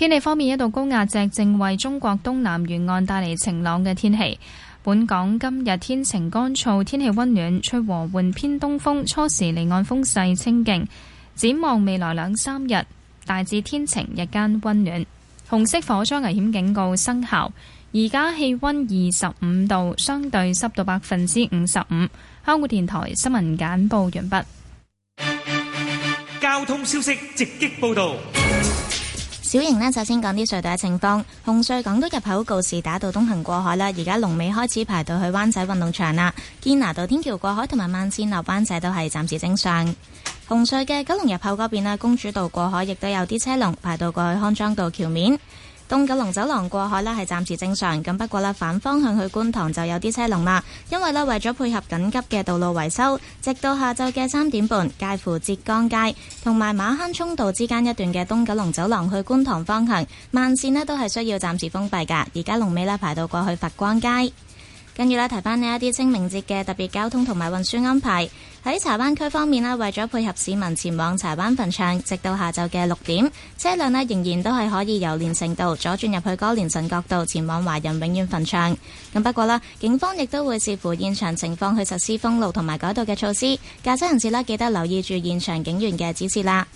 天氣方面，一道高壓脊正為中國東南沿岸帶嚟晴朗嘅天氣。本港今日天晴乾燥，天氣溫暖，吹和緩偏東風，初時離岸風勢清勁。展望未來兩三日，大致天晴，日間溫暖。紅色火災危險警告生效。而家氣溫二十五度，相對濕度百分之五十五。香港電台新聞簡報完畢。交通消息直擊報道。小瑩呢，首先講啲隧道嘅情況。紅隧港島入口告示打到東行過海啦，而家龍尾開始排到去灣仔運動場啦。堅拿道天橋過海同埋慢綫落灣仔都係暫時正常。紅隧嘅九龍入口嗰邊啦，公主道過海亦都有啲車龍排到過去康莊道橋面。東九龍走廊過海呢係暫時正常，咁不過反方向去觀塘就有啲車龍啦，因為呢為咗配合緊急嘅道路維修，直到下晝嘅三點半，介乎浙江街同埋馬坑涌道之間一段嘅東九龍走廊去觀塘方向慢綫都係需要暫時封閉噶。而家龍尾排到過去佛光街，跟住呢，提翻呢一啲清明節嘅特別交通同埋運輸安排。喺柴灣區方面咧，為咗配合市民前往柴灣墳場，直到下晝嘅六點，車輛仍然都係可以由連城道左轉入去歌連臣角道前往華人永遠墳場。咁不過啦，警方亦都會視乎現場情況去實施封路同埋改道嘅措施。駕駛人士咧，記得留意住現場警員嘅指示啦。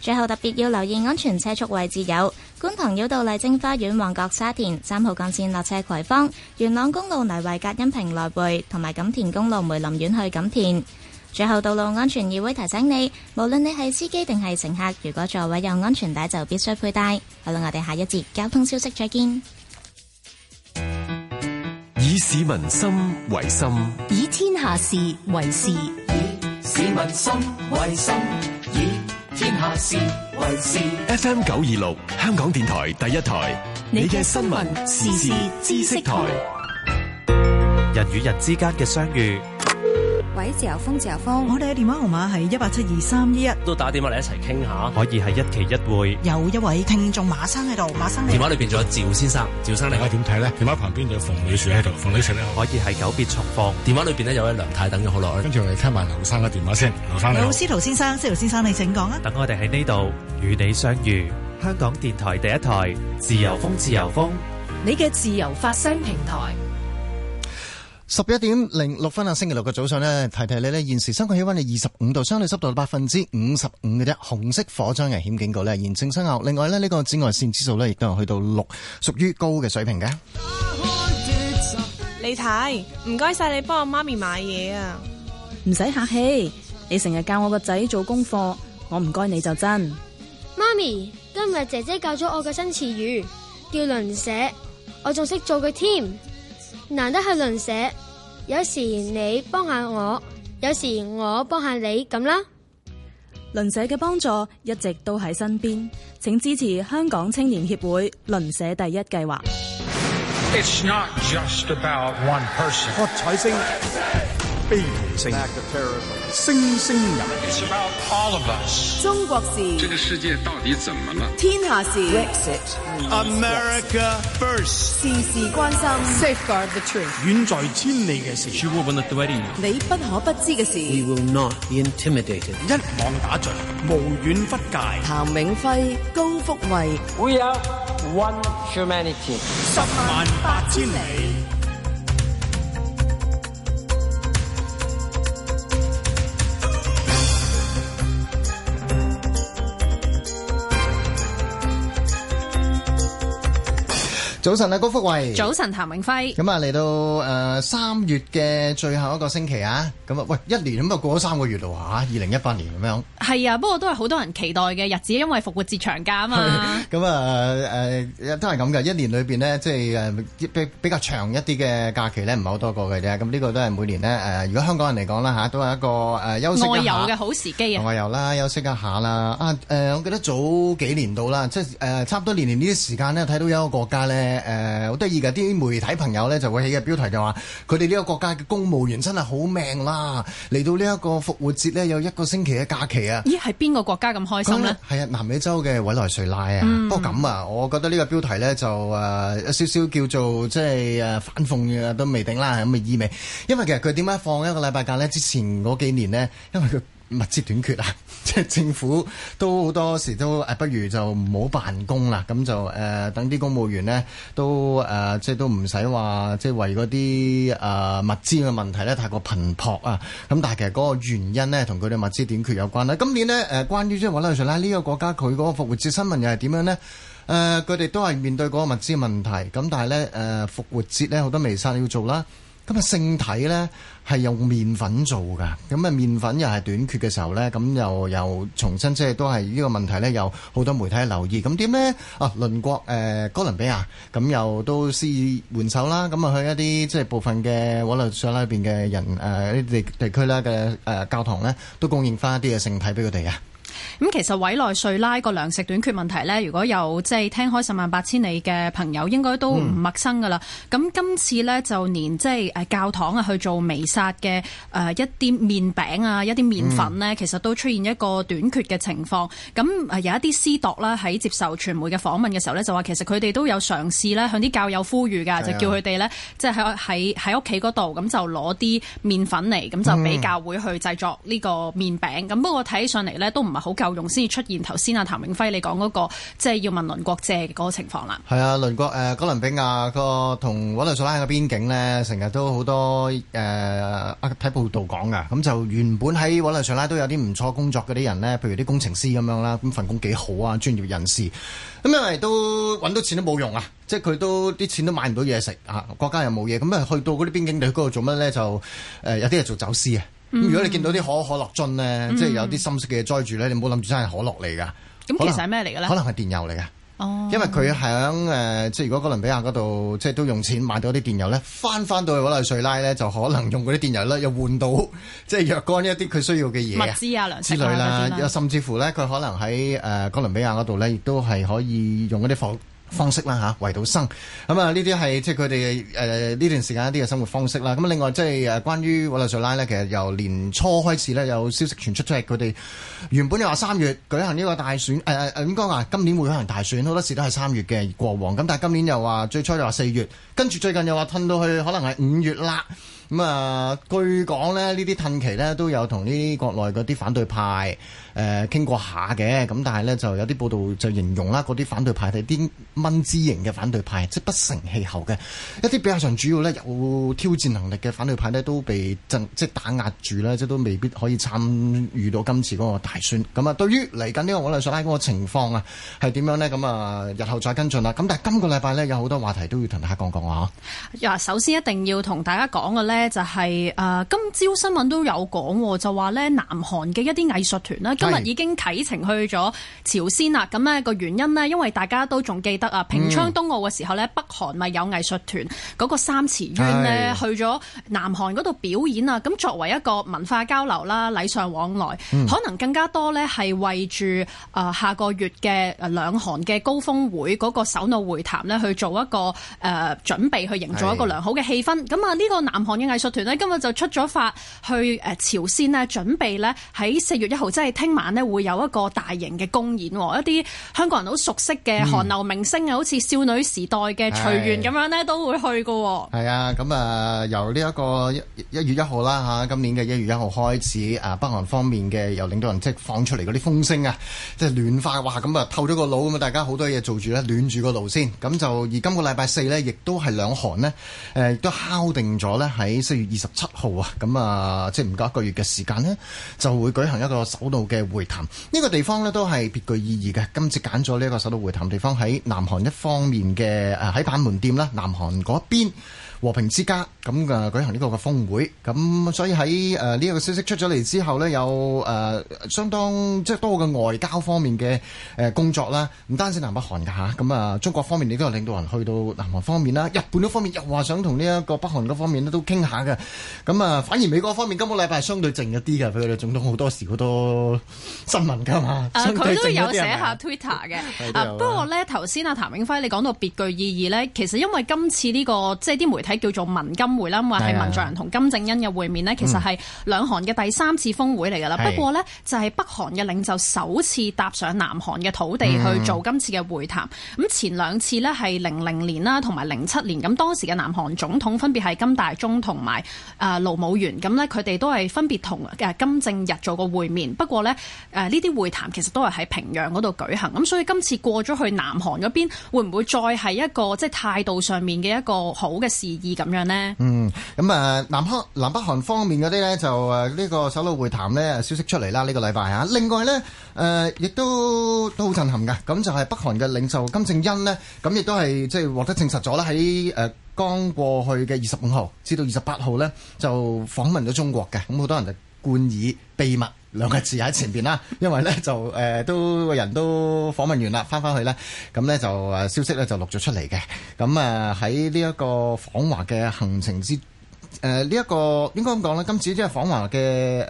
最後特別要留意安全車速位置，有觀塘繞道麗晶花園、旺角沙田三號幹線落車葵芳、元朗公路泥圍隔音屏來回同埋錦田公路梅林苑去錦田。最後，道路安全議會提醒你，無論你係司機定係乘客，如果座位有安全帶，就必須佩戴。好啦，我哋下一節交通消息再見。以市民心為心，以天下事為事。以市民心為心，以天下事為事。F M 九二六，香港電台第一台，你嘅新聞時事知識台，人與人之間嘅相遇。位自由風，自由風，我哋嘅電話號碼係一八七二三一一，都打電話嚟一齊傾下，可以係一期一會。有一位聽眾馬生喺度，馬生。電話裏邊仲有趙先生，趙生，你點睇咧？電話旁邊有馮女士喺度，馮女士咧，可以係久別重逢。電話裏邊咧有一位梁太等咗好耐，跟住我哋聽埋劉生嘅電話先，劉生。老司徒先生，司徒先生，你請講啦。等我哋喺呢度與你相遇，香港電台第一台，自由風，自由風，你嘅自由發聲平台。十一點零六分啊！06, 星期六嘅早上咧，提提你咧，現時香港氣溫係二十五度，相對濕度百分之五十五嘅啫，紅色火災危險警告咧，現正生效。另外咧，呢、這個紫外線指數咧，亦都係去到六，屬於高嘅水平嘅、oh, who。你睇，唔該晒你幫我媽咪買嘢啊！唔使客氣，你成日教我個仔做功課，我唔該你就真。媽咪，今日姐姐教咗我嘅新詞語，叫鄰舍」我，我仲識做句添。難得係鄰舍，有時你幫下我，有時我幫下你咁啦。鄰舍嘅幫助一直都喺身邊，請支持香港青年協會鄰舍第一計劃。喝彩聲，悲痛聲。星星人，中國事，這個世界到底怎麼了？天下事，America first，事事關心。Safeguard the truth。遠在千里嘅事，你不可不知嘅事。We will not be intimidated。一網打盡，無遠不屆。譚永輝、高福慧，We are one humanity。十萬八千里。早晨啊，高福慧，早晨，譚永輝。咁啊，嚟到誒三、呃、月嘅最後一個星期啊，咁啊，喂，一年咁啊過咗三個月咯吓，二零一八年咁樣。係啊，不過都係好多人期待嘅日子，因為復活節長假啊嘛。咁啊，誒、啊啊、都係咁嘅，一年裏邊咧，即係誒比比較長一啲嘅假期咧，唔係好多個嘅啫。咁、啊、呢、這個都係每年咧，誒、啊、如果香港人嚟講啦吓，都係一個誒、啊、休息一下嘅好時機啊，外遊啦，休息一下啦。啊，誒、啊、我記得早幾年到啦，即係誒、啊、差唔多年年呢啲時間咧，睇到有一個國家咧。誒，好得意噶！啲媒體朋友咧就會起嘅標題就話，佢哋呢個國家嘅公務員真係好命啦，嚟到呢一個復活節咧有一個星期嘅假期啊！咦，係邊個國家咁開心咧？係啊，南美洲嘅委內瑞拉啊！嗯、不過咁啊，我覺得呢個標題咧就誒、呃、有少少叫做即係反諷嘅都未定啦，係咁嘅意味。因為其實佢點解放一個禮拜假咧？之前嗰幾年呢，因為佢。物資短缺啊！即 政府都好多時都不如就唔好辦公啦。咁就誒、呃，等啲公務員呢，都誒、呃，即係都唔使話，即係為嗰啲誒物資嘅問題咧，太過頻撲啊！咁但係其實嗰個原因呢，同佢哋物資短缺有關啦。今年呢誒、呃，關於即係委內瑞拉呢個國家，佢嗰個復活節新聞又係點樣呢？誒、呃，佢哋都係面對嗰個物資問題，咁但係咧誒，復活節咧好多儀式要做啦。咁啊，聖體咧係用麵粉做噶，咁啊，麵粉又係短缺嘅時候咧，咁又又重新即係都係呢個問題咧，有好多媒體留意。咁點咧？啊，鄰國誒、呃、哥倫比亞咁又都施以援手啦，咁啊去一啲即係部分嘅委內瑞拉裏面嘅人誒呢啲地地區啦嘅、呃、教堂咧，都供應翻一啲嘅聖體俾佢哋啊。咁其實委內瑞拉個糧食短缺問題呢，如果有即係聽開十萬八千里嘅朋友，應該都唔陌生噶啦。咁、嗯、今次呢，就連即係教堂啊去做彌撒嘅誒、呃、一啲麵餅啊一啲麵粉呢，嗯、其實都出現一個短缺嘅情況。咁、嗯、有一啲司鐸啦喺接受傳媒嘅訪問嘅時候呢，就話其實佢哋都有嘗試咧向啲教友呼籲㗎，是的 就叫佢哋呢，即係喺喺屋企嗰度咁就攞啲麵粉嚟咁就俾教會去製作呢個麵餅。咁、嗯、不過睇起上嚟呢，都唔係好夠用先至出現頭先阿譚永輝你講嗰、那個即係、就是、要問鄰國借嗰個情況啦。係啊，鄰國誒、呃、哥倫比亞個同委內瑞拉嘅邊境咧，成日都好多誒睇、呃、報道講噶。咁就原本喺委內瑞拉都有啲唔錯工作嗰啲人咧，譬如啲工程師咁樣啦，咁份工幾好啊，專業人士。咁因為都揾到錢都冇用啊，即係佢都啲錢都買唔到嘢食啊，國家又冇嘢，咁啊去到嗰啲邊境，你去嗰度做乜咧？就誒、呃、有啲係做走私啊。咁、嗯、如果你見到啲可樂、嗯、可樂樽咧，即係有啲深色嘅嘢栽住咧，你唔好諗住真係可樂嚟噶。咁其實係咩嚟嘅咧？可能係電油嚟嘅。哦，因為佢喺誒，即係如果哥倫比亞嗰度，即係都用錢買到啲電油咧，翻翻到去嗰度瑞拉咧，就可能用嗰啲電油咧，又換到即係若干一啲佢需要嘅嘢。物資啊，糧食啊之類啦，甚至乎咧，佢可能喺、呃、哥倫比亞嗰度咧，亦都係可以用嗰啲貨。方式啦嚇，為到生咁啊！呢啲係即係佢哋誒呢段時間一啲嘅生活方式啦。咁另外即係誒關於委內瑞拉咧，其實由年初開始咧，有消息傳出去，即係佢哋原本又話三月舉行呢個大選誒誒、呃、應該啊今年會舉行大選，好多時都係三月嘅國王。咁但係今年又話最初就話四月，跟住最近又話褪到去可能係五月啦。咁、呃、啊，據講咧呢啲褪期咧都有同呢啲國內嗰啲反對派。誒傾過下嘅，咁但係呢就有啲報道就形容啦，嗰啲反對派係啲蚊滋型嘅反對派，即係不成氣候嘅。一啲比較上主要呢有挑戰能力嘅反對派呢，都被即係打壓住啦，即都未必可以參與到今次嗰個大選。咁啊，對於嚟緊呢個我哋所講嘅情況啊，係點樣呢？咁啊，日後再跟進啦。咁但係今個禮拜呢，有好多話題都要同大家講講啊。嗱，首先一定要同大家講嘅呢，就係誒今朝新聞都有講，就話呢南韓嘅一啲藝術團啦。今日已經啟程去咗朝鮮啦，咁、那、呢個原因呢，因為大家都仲記得啊，平昌冬奧嘅時候呢，嗯、北韓咪有藝術團嗰、那個三池淵呢，是去咗南韓嗰度表演啊，咁作為一個文化交流啦，禮尚往來，嗯、可能更加多呢，係為住誒下個月嘅誒兩韓嘅高峰會嗰、那個首腦會談呢，去做一個誒、呃、準備，去營造一個良好嘅氣氛。咁啊是，呢個南韓嘅藝術團呢，今日就出咗發去誒朝鮮咧，準備呢，喺四月一號，即係聽晚呢會有一個大型嘅公演，一啲香港人好熟悉嘅韓流明星啊，好似、嗯、少女時代嘅徐賢咁樣呢，是都會去噶。係啊，咁、嗯、啊由呢一個一月一號啦吓，今年嘅一月一號開始啊，北韓方面嘅由領導人即係放出嚟嗰啲風聲啊，即係暖化，哇咁啊透咗個腦咁啊，大家好多嘢做住咧，暖住個路先。咁就而今個禮拜四呢，亦都係兩韓呢，誒亦都敲定咗呢，喺四月二十七號啊，咁啊即係唔夠一個月嘅時間呢，就會舉行一個首腦嘅。會談呢、呢個地方咧，都係別具意義嘅，今次揀咗呢一個首度會談地方喺南韓一方面嘅，誒喺板門店啦，南韓嗰邊。和平之家，咁嘅舉行呢個嘅峰會，咁所以喺誒呢一個消息出咗嚟之後咧，有誒相當即係多嘅外交方面嘅誒工作啦，唔單止南北韓嘅吓，咁啊中國方面亦都有領導人去到南韓方面啦，日本嗰方面又話想同呢一個北韓嗰方面咧都傾下嘅，咁啊反而美國方面今個禮拜相對靜一啲嘅，佢哋總統好多時好多新聞㗎嘛，佢都、啊、有寫下 Twitter 嘅，嗎啊不過咧頭先啊譚永輝你講到別具意義咧，其實因為今次呢、呢個即係啲媒體。喺叫做文金會啦，或係文在寅同金正恩嘅會面咧，的其實係兩韓嘅第三次峰會嚟噶啦。嗯、不過咧，就係北韓嘅領袖首次踏上南韓嘅土地去做今次嘅會談。咁、嗯、前兩次咧係零零年啦，同埋零七年。咁當時嘅南韓總統分別係金大中同埋誒盧武鉉。咁咧，佢哋都係分別同誒金正日做個會面。不過咧，誒呢啲會談其實都係喺平壤嗰度舉行。咁所以今次過咗去南韓嗰邊，會唔會再係一個即係態度上面嘅一個好嘅事？意咁樣呢，嗯，咁啊，南北南北韓方面嗰啲呢，就誒呢個首腦會談呢，消息出嚟啦，呢個禮拜啊。另外呢，誒、啊、亦都都好震撼嘅，咁就係北韓嘅領袖金正恩呢，咁亦都係即係獲得證實咗啦，喺誒剛過去嘅二十五號至到二十八號呢，就訪問咗中國嘅，咁好多人就冠以秘密。兩個字喺前邊啦，因為咧就誒都個人都訪問完啦，翻返去啦。咁咧就誒消息咧就錄咗出嚟嘅，咁啊喺呢一個訪華嘅行程之誒呢一個應該咁講啦。今次呢個訪華嘅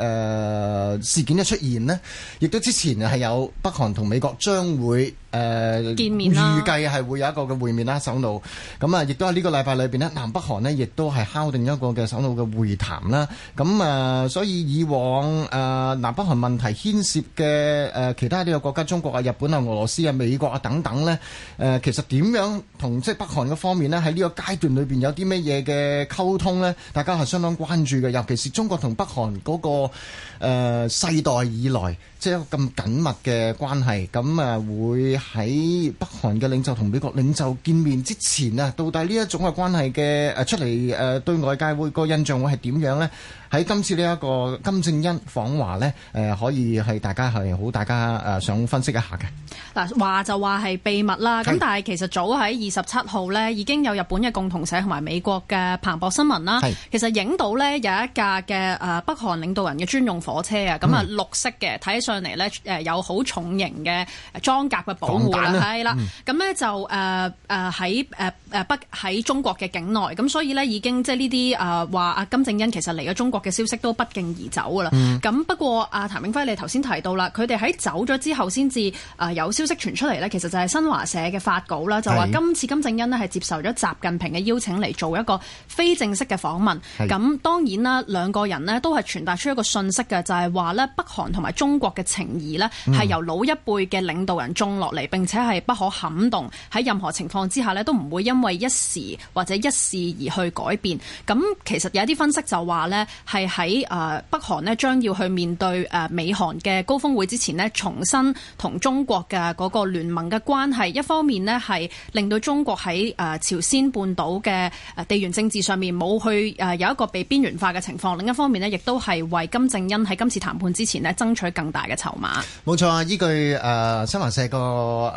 誒事件嘅出現呢，亦都之前係有北韓同美國將會。誒、呃、見面，預計係會有一個嘅會面啦，首腦咁啊，亦都喺呢個禮拜裏邊咧，南北韓呢亦都係敲定一個嘅首腦嘅會談啦。咁啊，所以以往誒、呃、南北韓問題牽涉嘅誒、呃、其他呢個國家，中國啊、日本啊、俄羅斯啊、美國啊等等呢，誒、呃、其實點樣同即係北韓嘅方面呢？喺呢個階段裏邊有啲乜嘢嘅溝通呢？大家係相當關注嘅，尤其是中國同北韓嗰、那個、呃、世代以來即係一個咁緊密嘅關係，咁啊、呃、會。喺北韓嘅領袖同美國領袖見面之前啊，到底呢一種嘅關係嘅誒出嚟誒，對外界會個印象會係點樣咧？喺今次呢一個金正恩訪華咧，誒、呃、可以係大家係好大家誒、呃、想分析一下嘅。嗱話就話係秘密啦，咁是但係其實早喺二十七號咧已經有日本嘅共同社同埋美國嘅彭博新聞啦。是其實影到咧有一架嘅誒、呃、北韓領導人嘅專用火車啊，咁啊、嗯、綠色嘅，睇起上嚟咧誒有好重型嘅裝甲嘅保護啦，係啦。咁咧的、嗯、就誒誒喺誒誒北喺中國嘅境內，咁所以咧已經即係呢啲誒話阿金正恩其實嚟咗中國。嘅消息都不脛而走噶啦。咁、嗯、不過，阿、啊、譚永輝，你頭先提到啦，佢哋喺走咗之後，先至啊有消息傳出嚟呢。其實就係新華社嘅發稿啦，就話今次金正恩呢係接受咗習近平嘅邀請嚟做一個非正式嘅訪問。咁是當然啦，兩個人呢都係傳達出一個訊息嘅，就係、是、話呢北韓同埋中國嘅情誼呢係由老一輩嘅領導人種落嚟，嗯、並且係不可撼動喺任何情況之下呢，都唔會因為一時或者一事而去改變。咁其實有一啲分析就話呢。係喺誒北韓呢將要去面對誒美韓嘅高峰會之前呢重新同中國嘅嗰個聯盟嘅關係。一方面呢係令到中國喺誒朝鮮半島嘅地緣政治上面冇去誒有一個被邊緣化嘅情況。另一方面呢亦都係為金正恩喺今次談判之前呢爭取更大嘅籌碼。冇錯啊！依據誒新華社個誒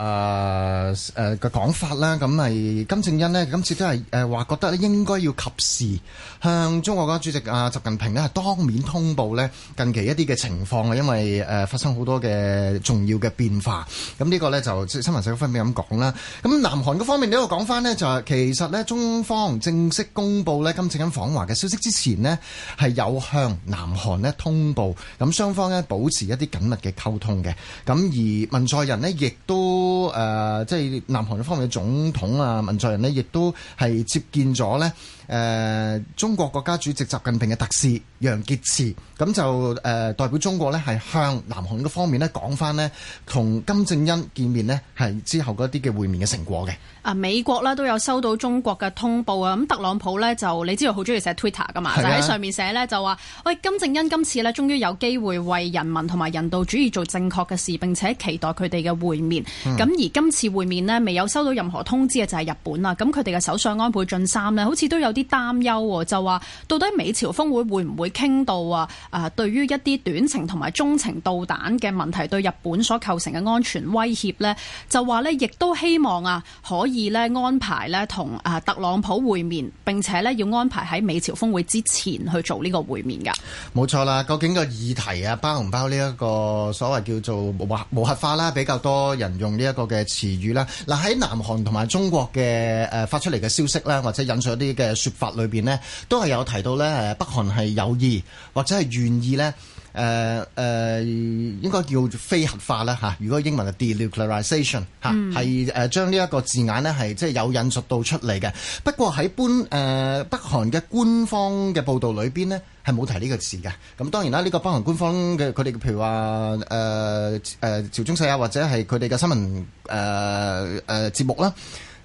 誒嘅講法啦，咁係金正恩呢，今次都係誒話覺得咧應該要及時向中國國家主席阿習、呃、近。平咧係當面通報咧，近期一啲嘅情況啊，因為誒發生好多嘅重要嘅變化，咁、這、呢個呢，就新聞社嗰分別咁講啦。咁南韓嗰方面，呢，又講翻呢，就係其實呢，中方正式公布呢今次金正恩訪華嘅消息之前呢，係有向南韓呢通報，咁雙方呢，保持一啲緊密嘅溝通嘅。咁而文在寅呢，亦都誒即係南韓嗰方面嘅總統啊，文在寅呢，亦都係接見咗呢。誒、呃、中國國家主席習近平嘅特使。楊潔篪咁就、呃、代表中國呢，係向南韓嗰方面呢講翻呢同金正恩見面呢，係之後嗰啲嘅會面嘅成果嘅。啊，美國呢都有收到中國嘅通報啊！咁特朗普呢，就你知道好中意寫 Twitter 噶嘛，就喺的上面寫呢，就話：「喂，金正恩今次呢終於有機會為人民同埋人道主義做正確嘅事，並且期待佢哋嘅會面。咁、嗯、而今次會面呢，未有收到任何通知嘅就係、是、日本啦。咁佢哋嘅首相安倍晉三呢，好似都有啲擔憂喎，就話到底美朝峰會會唔會傾到啊！啊，對於一啲短程同埋中程導彈嘅問題，對日本所構成嘅安全威脅呢，就話呢亦都希望啊，可以咧安排咧同啊特朗普會面，並且咧要安排喺美朝峰會之前去做呢個會面㗎。冇錯啦，究竟個議題啊，包唔包呢一個所謂叫做無核無核化啦，比較多人用呢一個嘅詞語啦。嗱，喺南韓同埋中國嘅誒發出嚟嘅消息咧，或者引述一啲嘅説法裏邊呢，都係有提到呢誒北韓係有。意或者係願意咧？誒、呃、誒、呃，應該叫做非核化啦嚇。如果英文嘅 denuclearisation 嚇係誒將呢一個字眼咧係即係有引述到出嚟嘅。不過喺般誒北韓嘅官方嘅報道裏邊呢，係冇提呢個字嘅。咁當然啦，呢、這個北韓官方嘅佢哋譬如話誒誒朝中社啊，或者係佢哋嘅新聞誒誒、呃呃、節目啦。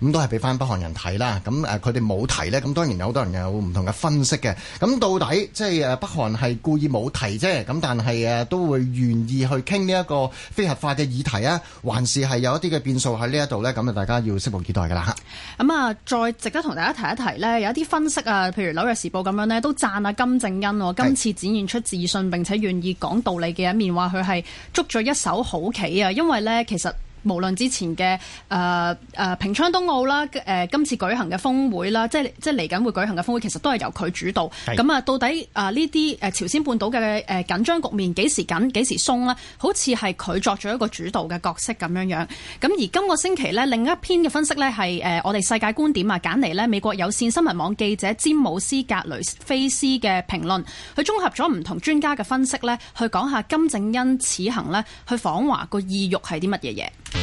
咁都係俾翻北韓人睇啦，咁佢哋冇提呢，咁當然有好多人有唔同嘅分析嘅。咁到底即係誒北韓係故意冇提啫，咁但係都會願意去傾呢一個非合法嘅議題啊，還是係有一啲嘅變數喺呢一度呢？咁啊，大家要拭目以待噶啦嚇。咁啊，再值得同大家提一提呢，有一啲分析啊，譬如紐約時報咁樣呢，都讚啊金正恩喎，是今次展現出自信並且願意講道理嘅一面，話佢係捉咗一手好棋啊，因為呢其實。無論之前嘅誒誒平昌冬奧啦，誒、呃、今次舉行嘅峰會啦，即即嚟緊會舉行嘅峰會，其實都係由佢主導。咁啊是，到底啊呢啲誒朝鮮半島嘅誒、呃、緊張局面幾時緊幾時鬆咧？好似係佢作咗一個主導嘅角色咁樣樣。咁而今個星期呢，另一篇嘅分析呢，係誒、呃、我哋世界觀點啊，揀嚟呢美國有線新聞網記者詹姆斯格雷菲斯嘅評論，佢綜合咗唔同專家嘅分析呢，去講下金正恩此行呢，去訪華個意欲係啲乜嘢嘢。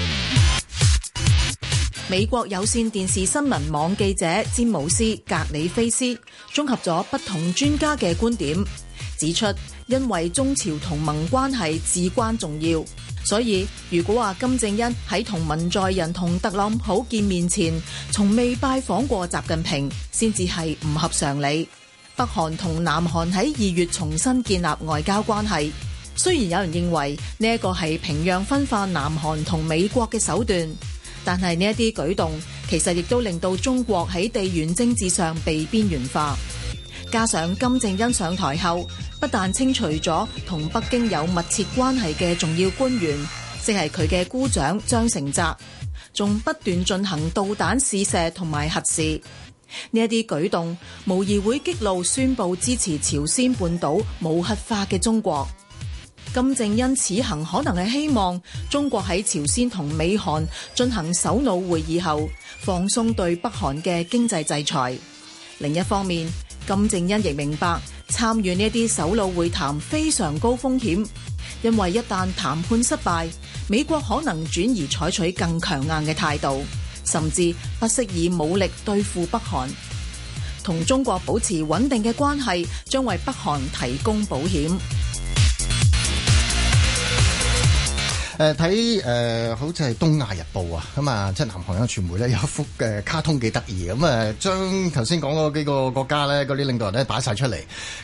美國有線電視新聞網記者詹姆斯·格里菲斯綜合咗不同專家嘅觀點，指出，因為中朝同盟關係至關重要，所以如果話金正恩喺同文在寅同特朗普見面前，從未拜訪過習近平，先至係唔合常理。北韓同南韓喺二月重新建立外交關係。雖然有人認為呢一個係平壤分化南韓同美國嘅手段，但係呢一啲舉動其實亦都令到中國喺地緣政治上被邊緣化。加上金正恩上台後，不但清除咗同北京有密切關係嘅重要官員，即係佢嘅姑丈張成澤，仲不斷進行導彈試射同埋核試。呢一啲舉動，無疑會激怒宣布支持朝鮮半島無核化嘅中國。金正恩此行可能係希望中國喺朝鮮同美韓進行首腦會議後，放鬆對北韓嘅經濟制裁。另一方面，金正恩亦明白參與呢啲首腦會談非常高風險，因為一旦談判失敗，美國可能轉而採取更強硬嘅態度，甚至不惜以武力對付北韓。同中國保持穩定嘅關係，將為北韓提供保險。誒睇誒，好似係《東亞日報》啊，咁、嗯、啊，即係南韓嘅傳媒咧，有一幅嘅卡通幾得意，咁、嗯、啊，將頭先講嗰幾個國家咧，嗰啲領導人咧擺晒出嚟，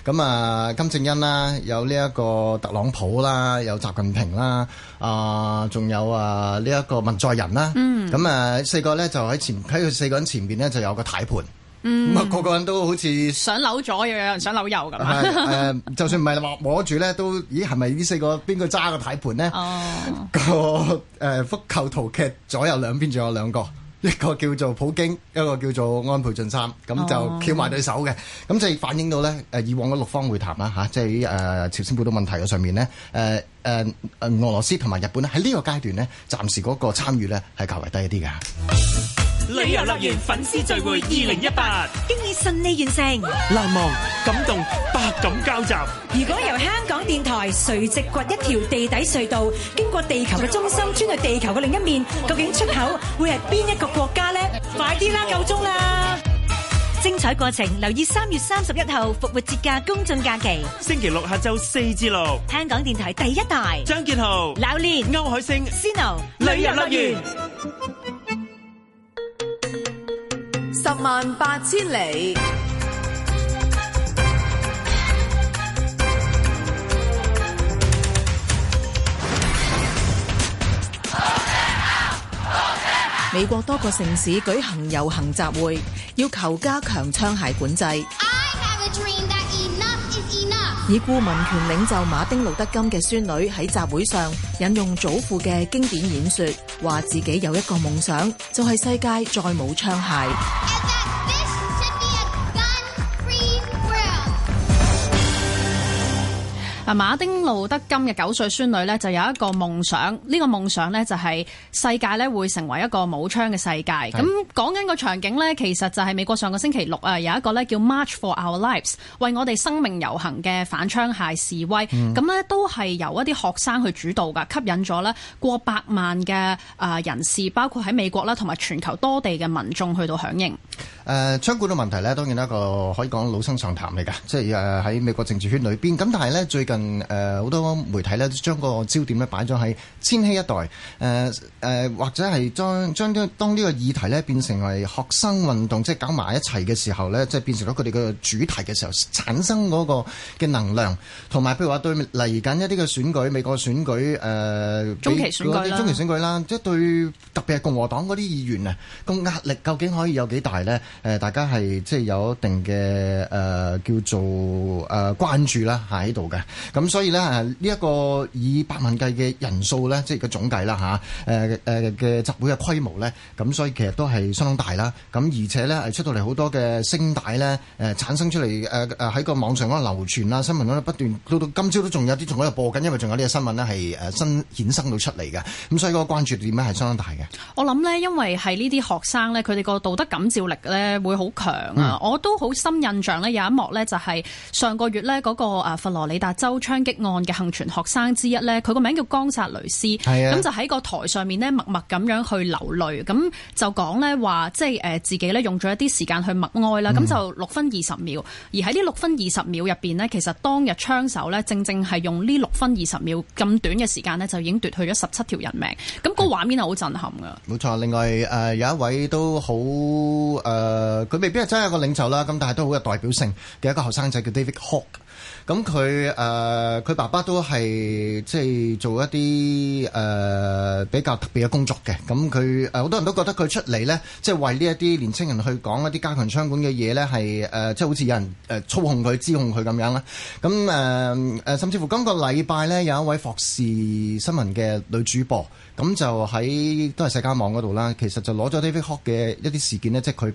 咁、嗯、啊，金正恩啦，有呢一個特朗普啦，有習近平啦，呃、啊，仲有啊呢一個文在寅啦，咁啊、嗯嗯、四個咧就喺前喺佢四個人前面咧就有個大盤。嗯，啊個個人都好似想扭左，又有人想扭右咁誒的、 呃，就算唔係話摸住咧，都咦係咪呢四個邊個揸個軚盤咧？哦，個誒、呃、幅構圖嘅左右兩邊仲有兩個，一個叫做普京，一個叫做安倍晉三，咁就翹埋對手嘅，咁、哦、就反映到咧誒以往嘅六方會談啦吓，即係誒朝鮮半島問題嘅上面咧，誒誒誒俄羅斯同埋日本咧喺呢個階段咧，暫時嗰個參與咧係較為低一啲㗎。旅遊樂園粉絲聚會二零一八，經已順利完成，難忘、感動、百感交集。如果由香港電台垂直掘一條地底隧道，經過地球嘅中心，穿去地球嘅另一面，究竟出口會係邊一個國家呢？快啲啦，夠鐘啦！精彩過程，留意三月三十一號復活節假公眾假期，星期六下晝四至六。香港電台第一台，張建豪、劉念、歐海星、Cino、旅遊樂園。十萬八千里。美國多個城市舉行遊行集會，要求加強槍械管制。已故民權領袖馬丁路德金嘅孫女喺集會上引用祖父嘅經典演說，話自己有一個夢想，就係、是、世界再冇槍械。馬丁路德金嘅九歲孫女呢就有一個夢想。呢、這個夢想呢就係世界呢會成為一個冇槍嘅世界。咁講緊個場景呢其實就係美國上個星期六啊，有一個叫 March for Our Lives，為我哋生命遊行嘅反槍械示威。咁、嗯、都係由一啲學生去主導，噶，吸引咗過百萬嘅啊人士，包括喺美國啦同埋全球多地嘅民眾去到響應。誒槍管嘅問題，咧，當然一個可以講老生常談嚟噶，即、就、喺、是、美國政治圈裏邊咁但係最近。嗯，好、呃、多媒體呢都將個焦點呢擺咗喺千禧一代，誒、呃呃、或者係將將當呢個議題呢變成係學生運動，即係搞埋一齊嘅時候呢即係變成咗佢哋嘅主題嘅時候，產生嗰個嘅能量，同埋譬如話對嚟緊一啲嘅選舉，美國選舉誒、呃、中期選舉啦，中期選舉啦，即係對特別係共和黨嗰啲議員啊，個壓力究竟可以有幾大呢？呃、大家係即係有一定嘅誒、呃、叫做誒、呃、關注啦喺度嘅。咁所以咧，呢一個以百萬計嘅人數咧，即係個總計啦嚇，誒誒嘅集會嘅規模咧，咁所以其實都係相當大啦。咁而且咧，係出到嚟好多嘅聲帶咧，誒產生出嚟，誒誒喺個網上嗰個流傳啊，新聞嗰度不斷，到到今朝都仲有啲仲喺度播緊，因為仲有啲新聞呢係誒新衍生到出嚟嘅。咁所以個關注點咧係相當大嘅。我諗呢，因為係呢啲學生呢，佢哋個道德感召力咧會好強啊。嗯。我都好深印象呢，有一幕呢就係上個月呢嗰個啊佛羅里達州刀槍擊案嘅幸存學生之一呢，佢個名叫岡薩雷斯，咁是的 就喺個台上面呢默默咁樣去流淚，咁就講呢話，即係誒自己呢用咗一啲時間去默哀啦，咁就六分二十秒，嗯、而喺呢六分二十秒入邊呢，其實當日槍手呢正正係用呢六分二十秒咁短嘅時間呢，就已經奪去咗十七條人命，咁嗰畫面係好震撼噶。冇錯，另外誒、呃、有一位都好誒，佢、呃、未必係真係一個領袖啦，咁但係都好有代表性嘅一個後生仔叫 David Hawk。咁佢誒佢爸爸都係即係做一啲誒、呃、比較特別嘅工作嘅，咁佢誒好多人都覺得佢出嚟咧，即、就、係、是、為呢一啲年青人去講一啲加強槍管嘅嘢咧，係誒即係好似有人誒操控佢、支控佢咁樣啦。咁誒、呃、甚至乎今個禮拜咧，有一位霍士新聞嘅女主播。咁就喺都係社交網嗰度啦，其實就攞咗 David Hogg 嘅一啲事件呢，即係佢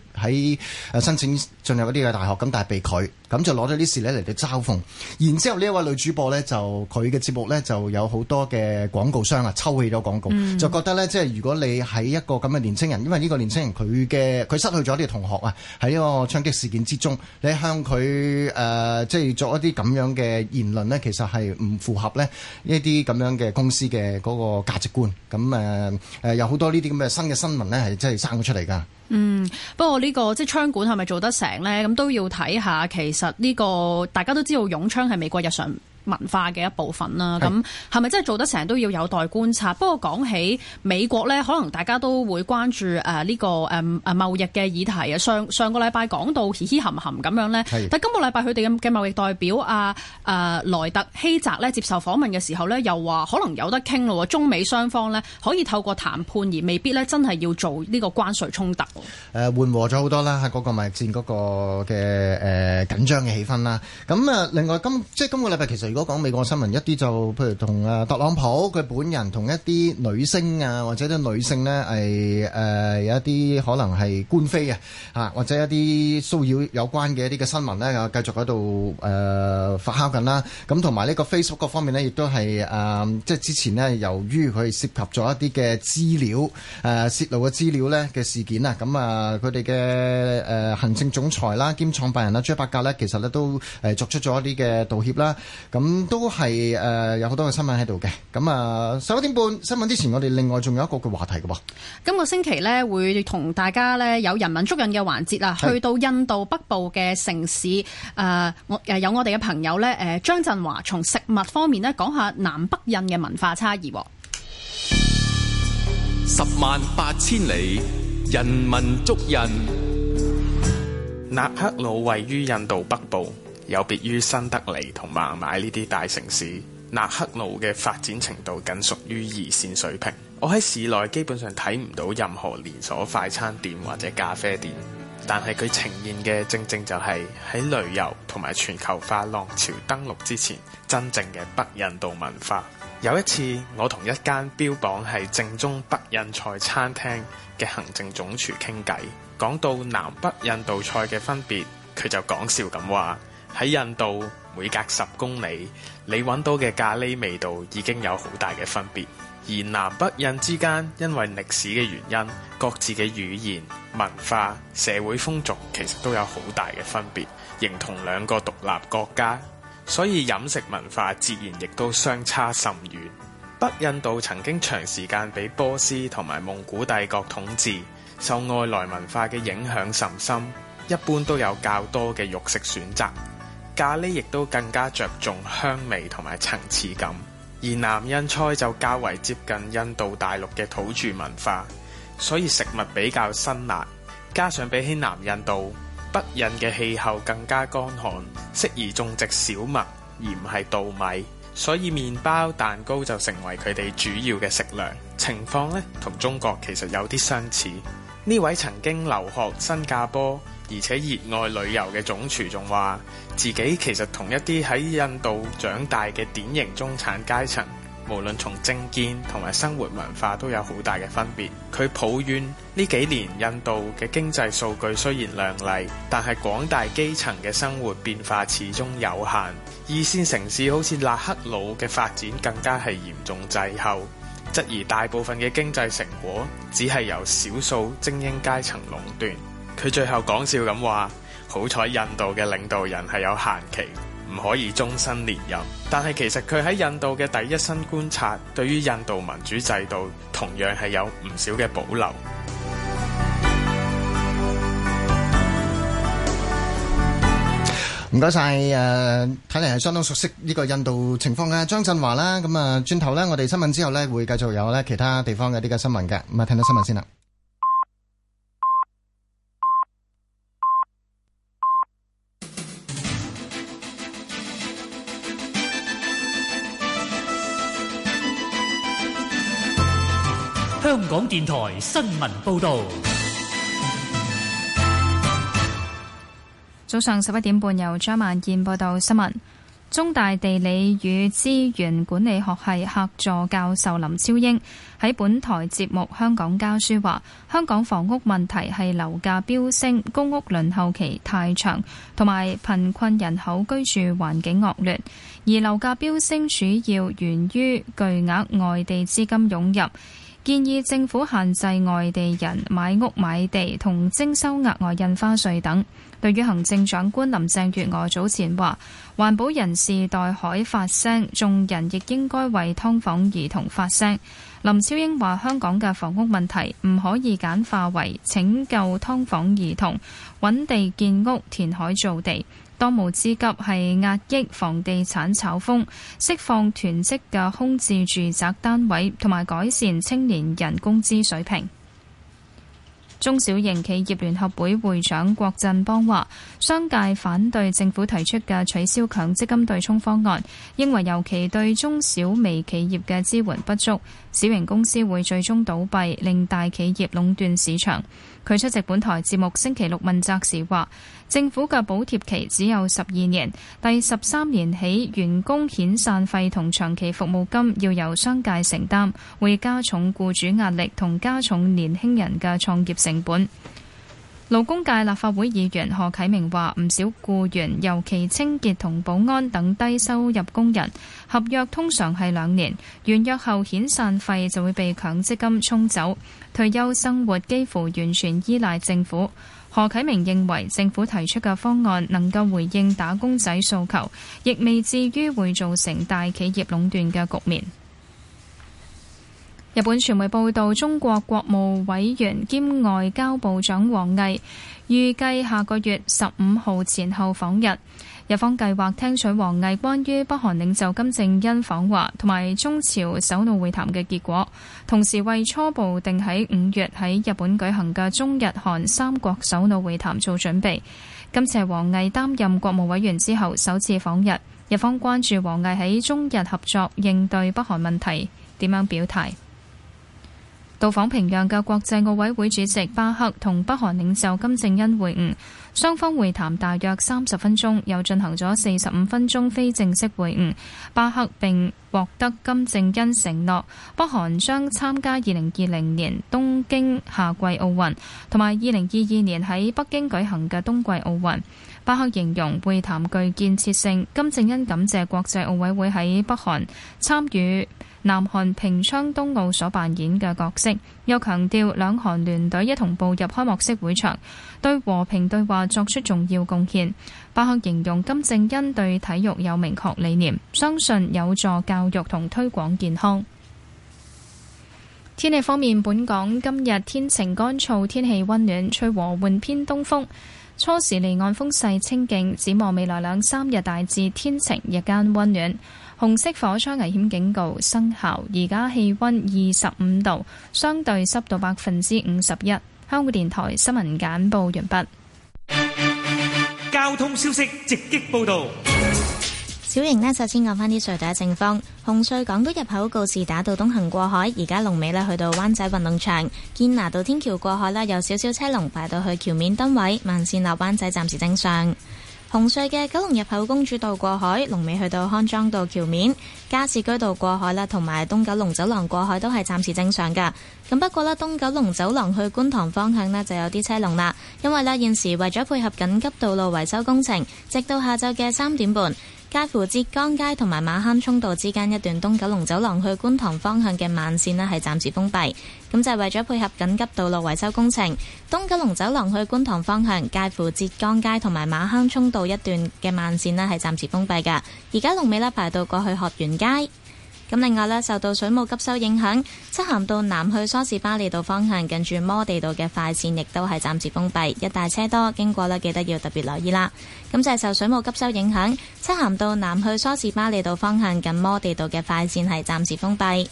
喺申請進入一啲嘅大學，咁但係被拒，咁就攞咗呢事咧嚟到嘲諷。然之後呢一位女主播呢，就佢嘅節目呢，就有好多嘅廣告商啊抽起咗廣告，嗯、就覺得呢，即係如果你喺一個咁嘅年輕人，因為呢個年輕人佢嘅佢失去咗啲同學啊，喺呢個槍擊事件之中，你向佢誒即係作一啲咁樣嘅言論呢，其實係唔符合呢一啲咁樣嘅公司嘅嗰個價值觀。咁誒有好多呢啲咁嘅新嘅新聞咧，係真係生咗出嚟㗎。嗯，不過呢個即係槍管係咪做得成咧？咁都要睇下。其實呢個大家都知道，擁槍係美國日常文化嘅一部分啦，咁係咪真係做得成都要有待觀察。是不過講起美國咧，可能大家都會關注誒呢個誒誒貿易嘅議題啊。上上個禮拜講到嘻嘻含含咁樣咧，是但係今個禮拜佢哋嘅貿易代表阿阿萊特希澤咧接受訪問嘅時候咧，又話可能有得傾咯，中美雙方咧可以透過談判而未必咧真係要做呢個關稅衝突。誒緩和咗好多啦，嗰個貿易戰嗰個嘅誒緊張嘅氣氛啦。咁啊，另外今即係今個禮拜其實。如果講美國新聞，一啲就譬如同啊特朗普佢本人同一啲女星，呃、啊，或者啲女性呢，係誒有一啲可能係官非啊，吓或者一啲騷擾有關嘅一啲嘅新聞呢繼續喺度誒發酵緊啦。咁同埋呢個 Facebook 各方面呢，亦都係誒、啊，即係之前呢，由於佢涉及咗一啲嘅資料誒、啊、泄露嘅資料呢嘅事件啊。咁啊，佢哋嘅誒行政總裁啦兼創辦人啦，朱伯格呢，其實呢都誒、呃、作出咗一啲嘅道歉啦。咁、啊咁、嗯、都係誒、呃，有好多嘅新聞喺度嘅。咁、嗯、啊，十一點半新聞之前，我哋另外仲有一個嘅話題嘅、哦。今個星期咧，會同大家咧有人民足印嘅環節啦，去到印度北部嘅城市誒、呃，我誒有我哋嘅朋友咧，誒、呃、張振華從食物方面咧講下南北印嘅文化差異、哦。十萬八千里人民足印，納克魯位於印度北部。有別於新德里同孟買呢啲大城市，納克路嘅發展程度僅屬於二線水平。我喺市內基本上睇唔到任何連鎖快餐店或者咖啡店，但係佢呈現嘅正正就係喺旅遊同埋全球化浪潮登陸之前真正嘅北印度文化。有一次，我同一間標榜係正宗北印菜餐廳嘅行政總廚傾偈，講到南北印度菜嘅分別，佢就講笑咁話。喺印度，每隔十公里，你揾到嘅咖喱味道已經有好大嘅分別。而南北印之間，因為歷史嘅原因，各自嘅語言、文化、社會風俗其實都有好大嘅分別，形同兩個獨立國家。所以飲食文化自然亦都相差甚遠。北印度曾經長時間俾波斯同埋蒙古帝國統治，受外來文化嘅影響甚深，一般都有較多嘅肉食選擇。咖喱亦都更加着重香味同埋層次感，而南印菜就較為接近印度大陸嘅土著文化，所以食物比較辛辣。加上比起南印度，北印嘅氣候更加乾旱，適宜種植小麥，而唔係稻米，所以麵包、蛋糕就成為佢哋主要嘅食糧。情況呢同中國其實有啲相似。呢位曾經留學新加坡。而且熱愛旅遊嘅總廚仲話自己其實同一啲喺印度長大嘅典型中產階層，無論從政見同埋生活文化都有好大嘅分別，佢抱怨呢幾年印度嘅經濟數據雖然亮麗，但係廣大基層嘅生活變化始終有限。二線城市好似拉克魯嘅發展更加係嚴重滯後，質疑大部分嘅經濟成果只係由少數精英階層壟斷。佢最後講笑咁話：好彩印度嘅領導人係有限期，唔可以終身連任。但係其實佢喺印度嘅第一身觀察，對於印度民主制度同樣係有唔少嘅保留。唔該晒，誒，睇嚟係相當熟悉呢個印度情況嘅張振華啦。咁啊，轉頭咧，我哋新聞之後咧會繼續有咧其他地方嘅呢個新聞嘅。咁啊，聽到新聞先啦。香港電台新聞報道，早上十一點半，由張萬健報道新聞。中大地理與資源管理學係客座教授林超英喺本台節目《香港家書》話：，香港房屋問題係樓價飆升、公屋輪候期太長，同埋貧困人口居住環境惡劣。而樓價飆升主要源於巨額外地資金湧入。建議政府限制外地人買屋買地同徵收額外印花稅等。對於行政長官林鄭月娥早前話，環保人士代海發聲，眾人亦應該為劏房兒童發聲。林超英話：香港嘅房屋問題唔可以簡化為拯救劏房兒童、揾地建屋、填海造地。當務之急係壓抑房地產炒風，釋放囤積嘅空置住宅單位，同埋改善青年人工資水平。中小型企業聯合會會長郭振邦話，商界反對政府提出嘅取消強積金對沖方案，認為尤其對中小微企業嘅支援不足，小型公司會最終倒閉，令大企業壟斷市場。佢出席本台節目星期六問責時話。政府嘅補貼期只有十二年，第十三年起，員工遣散費同長期服務金要由商界承擔，會加重僱主壓力同加重年輕人嘅創業成本。勞工界立法會議員何啟明話，唔少僱員，尤其清潔同保安等低收入工人，合約通常係兩年，完約後遣散費就會被強積金沖走。退休生活幾乎完全依賴政府。何啟明認為政府提出嘅方案能夠回應打工仔訴求，亦未至於會造成大企業壟斷嘅局面。日本傳媒報道，中國國務委員兼外交部長王毅預計下個月十五號前後訪日。日方計劃聽取王毅關於北韓領袖金正恩訪華同埋中朝首腦會談嘅結果，同時為初步定喺五月喺日本舉行嘅中日韓三國首腦會談做準備。今次係王毅擔任國務委員之後首次訪日，日方關注王毅喺中日合作應對北韓問題點樣表態。到訪平壤嘅國際奧委會主席巴克同北韓領袖金正恩會晤。雙方會談大約三十分鐘，又進行咗四十五分鐘非正式會晤。巴赫並獲得金正恩承諾，北韓將參加二零二零年東京夏季奧運同埋二零二二年喺北京舉行嘅冬季奧運。巴赫形容會談具建設性。金正恩感謝國際奧委會喺北韓參與南韓平昌冬奧所扮演嘅角色，又強調兩韓聯隊一同步入開幕式會場，對和平對話作出重要貢獻。巴赫形容金正恩對體育有明確理念，相信有助教育同推廣健康。天氣方面，本港今日天晴乾燥，天氣温暖，吹和緩偏東風，初時離岸風勢清勁。展望未來兩三日，大致天晴，日間温暖。紅色火災危險警告生效，而家氣温二十五度，相對濕度百分之五十一。香港電台新聞簡報完畢。交通消息直擊報道。小瑩呢，首先講翻啲隧道嘅情況。紅隧港島入口告士打道東行過海，而家龍尾呢去到灣仔運動場堅拿道天橋過海啦，有少少車龍排到去橋面燈位，慢線落灣仔暫時正常。紅隧嘅九龍入口公主道過海，龍尾去到康莊道橋面加士居道過海啦，同埋東九龍走廊過海都係暫時正常噶。咁不過咧，東九龍走廊去觀塘方向呢就有啲車龍啦，因為呢現時為咗配合緊急道路維修工程，直到下晝嘅三點半，介乎浙江街同埋馬坑涌道之間一段東九龍走廊去觀塘方向嘅慢線咧係暫時封閉。咁就係為咗配合緊急道路維修工程，東九龍走廊去觀塘方向，介乎浙江街同埋馬坑涌道一段嘅慢線呢係暫時封閉㗎。而家龍尾呢排到過去鶴園街。咁另外呢，受到水務急修影響，漆咸道南去梳士巴利道方向近住摩地道嘅快線亦都係暫時封閉，一大車多經過呢記得要特別留意啦。咁就係受水務急修影響，漆咸道南去梳士巴利道方向近摩地道嘅快線係暫時封閉。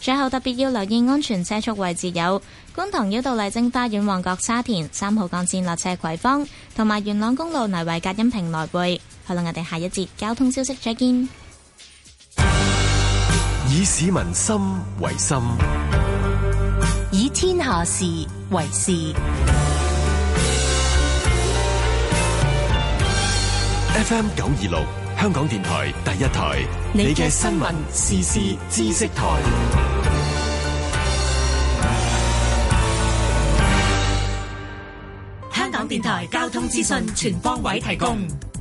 最後特別要留意安全車速位置有觀塘繞道麗晶花園、旺角、沙田、三號幹線落斜葵芳同埋元朗公路泥圍隔音屏來回。好啦，我哋下一節交通消息再見。以市民心為心，以天下事為事。F M 九二六。 香港電台第一台，你嘅的 新聞時事知識台。香港電台交通資訊全方位提供。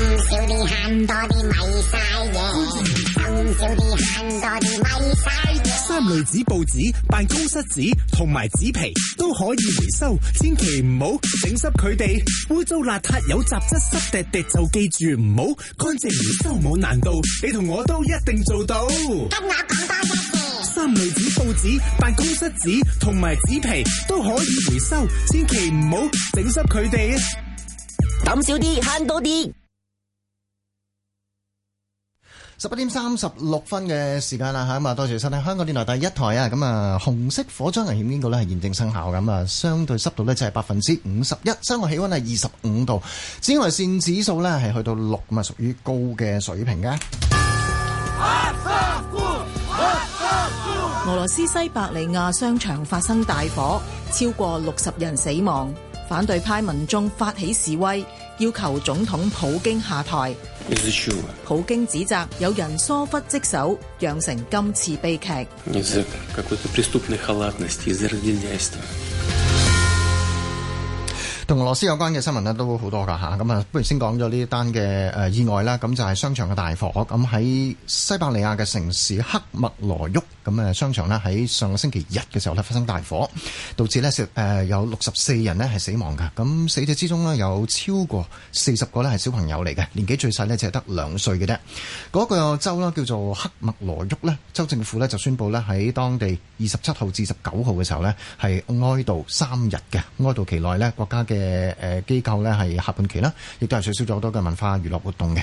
少多少多三類紙、報紙、辦公室紙同埋紙皮都可以回收，千祈唔好整濕佢哋。污糟邋遢有雜質、濕滴滴，就記住唔好。乾淨回收冇難度，你同我都一定做到。跟我講多一次。三類紙、報紙、辦公室紙同埋紙皮都可以回收，千祈唔好整濕佢哋。抌少啲，慳多啲。十一點三十六分嘅時間啦吓，咁啊，多謝收聽香港電台第一台啊，咁啊，紅色火災危險警告咧係現正生效，咁啊，相對濕度呢就係百分之五十一，香港氣溫係二十五度，紫外線指數呢係去到六，咁啊，屬於高嘅水平嘅。俄羅斯西伯利亞商場發生大火，超過六十人死亡，反對派民眾發起示威，要求總統普京下台。普京指責有人疏忽職守，釀成今次悲劇。同俄羅斯有關嘅新聞咧都好多㗎嚇，咁啊不如先講咗呢單嘅誒意外啦，咁就係商場嘅大火。咁喺西伯利亞嘅城市克麥羅沃，咁誒商場咧喺上個星期日嘅時候咧發生大火，導致咧誒有六十四人咧係死亡㗎。咁死者之中咧有超過四十個咧係小朋友嚟嘅，年紀最細咧只係得兩歲嘅啫。嗰個州啦叫做克麥羅沃咧，州政府咧就宣布咧喺當地二十七號至十九號嘅時候咧係哀悼三日嘅，哀悼期內咧國家嘅。誒誒，機構咧係下半期啦，亦都係取消咗好多嘅文化娛樂活動嘅。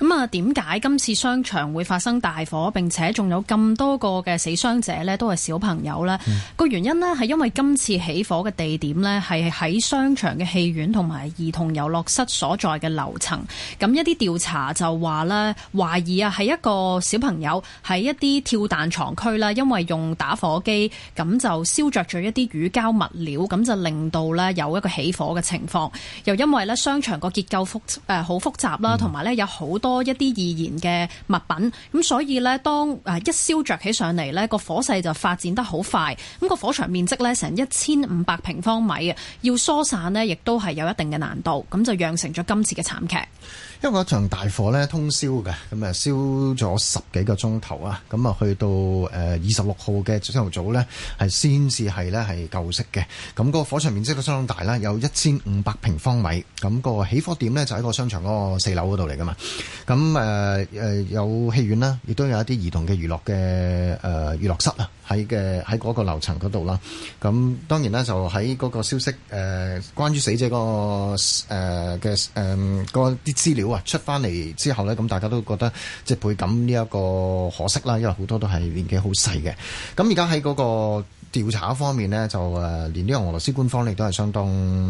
咁啊，點解今次商場會發生大火？並且仲有咁多個嘅死傷者咧，都係小朋友咧。個、嗯、原因咧，係因為今次起火嘅地點咧，係喺商場嘅戲院同埋兒童遊樂室所在嘅樓層，咁一啲調查就話咧，懷疑啊，係一個小朋友喺一啲跳彈床區，啦因為用打火機咁就燒着咗一啲乳膠物料，咁就令到咧有一個起火嘅情況，又因為咧商場個結構複誒好複雜啦，同埋咧有好多。多一啲易燃嘅物品，咁所以呢，當誒一燒着起上嚟呢個火勢就發展得好快，咁個火場面積呢，成一千五百平方米啊，要疏散呢亦都係有一定嘅難度，咁就釀成咗今次嘅慘劇。因為一場大火咧，通宵嘅，咁啊燒咗十幾個鐘頭啊，咁啊去到誒二十六號嘅朝頭早咧，係先至係咧係救熄嘅。咁個火場面積都相當大啦，有一千五百平方米。咁個起火點咧就喺個商場嗰四樓嗰度嚟噶嘛。咁誒誒有戲院啦，亦都有一啲兒童嘅娛樂嘅誒娛樂室啊，喺嘅喺嗰樓層嗰度啦。咁當然啦就喺嗰消息誒、呃、關於死者個誒嘅誒啲資料。出翻嚟之後呢，咁大家都覺得即係倍感呢一個可惜啦，因為好多都係年紀好細嘅。咁而家喺嗰個調查方面呢，就誒連呢個俄羅斯官方亦都係相當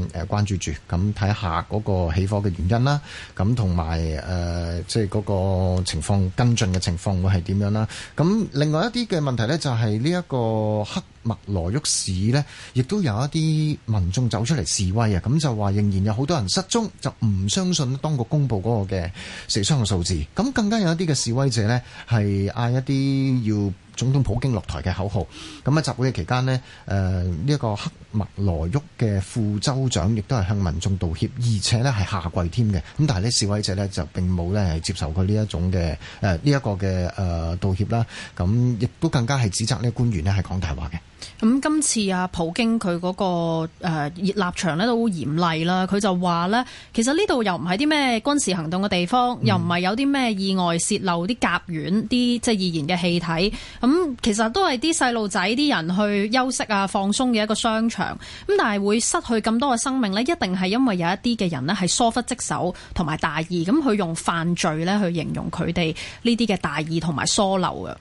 誒關注住，咁睇下嗰個起火嘅原因啦，咁同埋誒即係嗰個情況跟進嘅情況會係點樣啦，咁另外一啲嘅問題呢，就係呢一個黑。麥羅沃市呢，亦都有一啲民眾走出嚟示威啊！咁就話仍然有好多人失蹤，就唔相信當局公佈嗰個嘅死傷嘅數字。咁更加有一啲嘅示威者呢，係嗌一啲要總統普京落台嘅口號。咁喺集會嘅期間呢，誒呢一個黑麥羅沃嘅副州長亦都係向民眾道歉，而且呢係下跪添嘅。咁但係呢示威者呢，就並冇呢係接受佢呢一種嘅誒呢一個嘅誒道歉啦。咁亦都更加係指責呢個官員呢係講大話嘅。咁、嗯、今次啊普京佢嗰、那個誒、呃、立場咧都嚴厲啦，佢就話咧，其實呢度又唔係啲咩軍事行動嘅地方，嗯、又唔係有啲咩意外洩漏啲甲烷啲即係易燃嘅氣體。咁、嗯、其實都係啲細路仔啲人去休息啊放鬆嘅一個商場。咁但係會失去咁多嘅生命呢，一定係因為有一啲嘅人呢係疏忽職守同埋大意，咁佢用犯罪呢去形容佢哋呢啲嘅大意同埋疏漏嘅。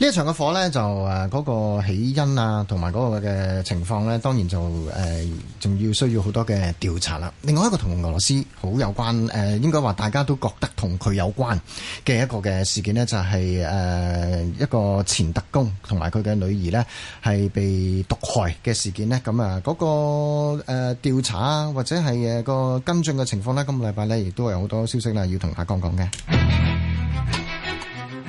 呢一場嘅火呢，就誒嗰、那個起因啊，同埋嗰個嘅情況呢，當然就誒仲要需要好多嘅調查啦。另外一個同俄羅斯好有關誒、呃，應該話大家都覺得同佢有關嘅一個嘅事件呢，就係、是、誒、呃、一個前特工同埋佢嘅女兒呢，係被毒害嘅事件呢。咁、嗯、啊，嗰、那個誒、呃、調查啊，或者係誒個跟進嘅情況呢，今個禮拜呢，亦都有好多消息啦，要同阿江講講嘅。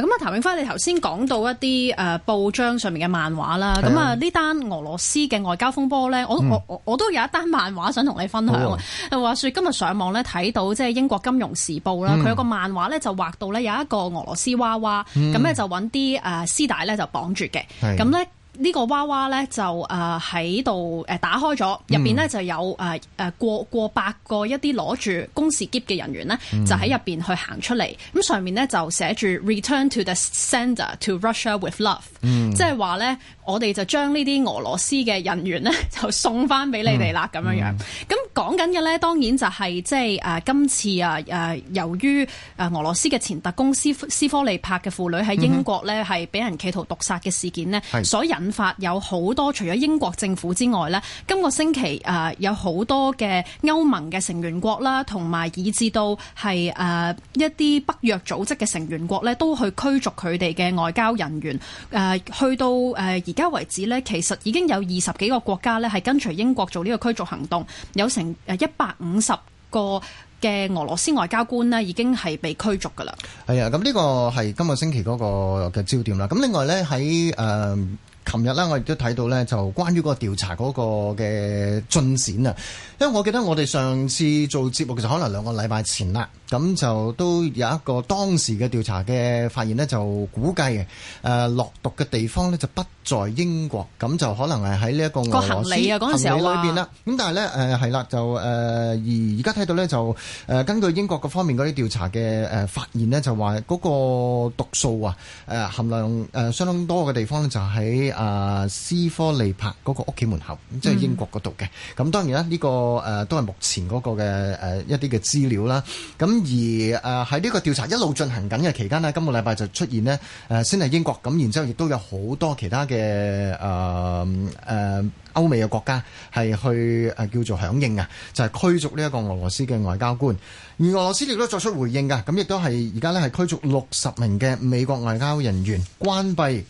咁啊，譚永輝，你頭先講到一啲誒報章上面嘅漫畫啦，咁啊呢單俄羅斯嘅外交風波咧，我、嗯、我我，我都有一單漫畫想同你分享。哦、話說今日上網咧睇到即係英國金融時報啦，佢、嗯、有個漫畫咧就畫到咧有一個俄羅斯娃娃，咁咧就揾啲誒絲帶咧就綁住嘅，咁咧的。呢個娃娃咧就誒喺度誒打開咗，入面咧就有誒誒、呃、過過百個一啲攞住公事喼嘅人員咧，就喺入邊去行出嚟。咁、嗯、上面咧就寫住 Return to the sender to Russia with love，即係話咧，我哋就將呢啲俄羅斯嘅人員咧就送翻俾你哋啦，咁、嗯、樣樣咁講緊嘅咧，當然就係即係誒今次啊誒、呃、由於誒俄羅斯嘅前特工斯斯科利帕嘅父女喺英國咧係俾人企圖毒殺嘅事件咧，是所引。法有好多除咗英國政府之外咧，今個星期誒、呃、有好多嘅歐盟嘅成員國啦，同埋以至到係誒、呃、一啲北約組織嘅成員國咧，都去驅逐佢哋嘅外交人員。誒、呃，去到誒而家為止咧，其實已經有二十幾個國家咧係跟隨英國做呢個驅逐行動，有成誒一百五十個嘅俄羅斯外交官咧已經係被驅逐噶啦。係啊，咁呢個係今個星期嗰個嘅焦點啦。咁另外咧喺誒。在呃琴日啦，我亦都睇到咧，就關於嗰個調查嗰個嘅進展啊。因為我記得我哋上次做節目，其實可能兩個禮拜前啦，咁就都有一個當時嘅調查嘅發現咧，就估計誒、呃、落毒嘅地方咧就不在英國，咁就可能係喺呢一個個行李啊、嗰陣時、行李裏邊啦。咁但係咧誒係啦，就誒、呃、而而家睇到咧就誒、呃、根據英國各方面嗰啲調查嘅誒發現咧，就話嗰個毒素啊誒、呃、含量誒相當多嘅地方咧就喺啊，斯科利柏嗰個屋企門口，即係英國嗰度嘅。咁當然啦，呢個誒都係目前嗰個嘅誒一啲嘅資料啦。咁而誒喺呢個調查一路進行緊嘅期間呢，今個禮拜就出現呢，誒先係英國，咁然之後亦都有好多其他嘅誒誒歐美嘅國家係去誒叫做響應呀，就係驅逐呢一個俄羅斯嘅外交官。而俄羅斯亦都作出回應噶，咁亦都係而家呢，係驅逐六十名嘅美國外交人員，關閉。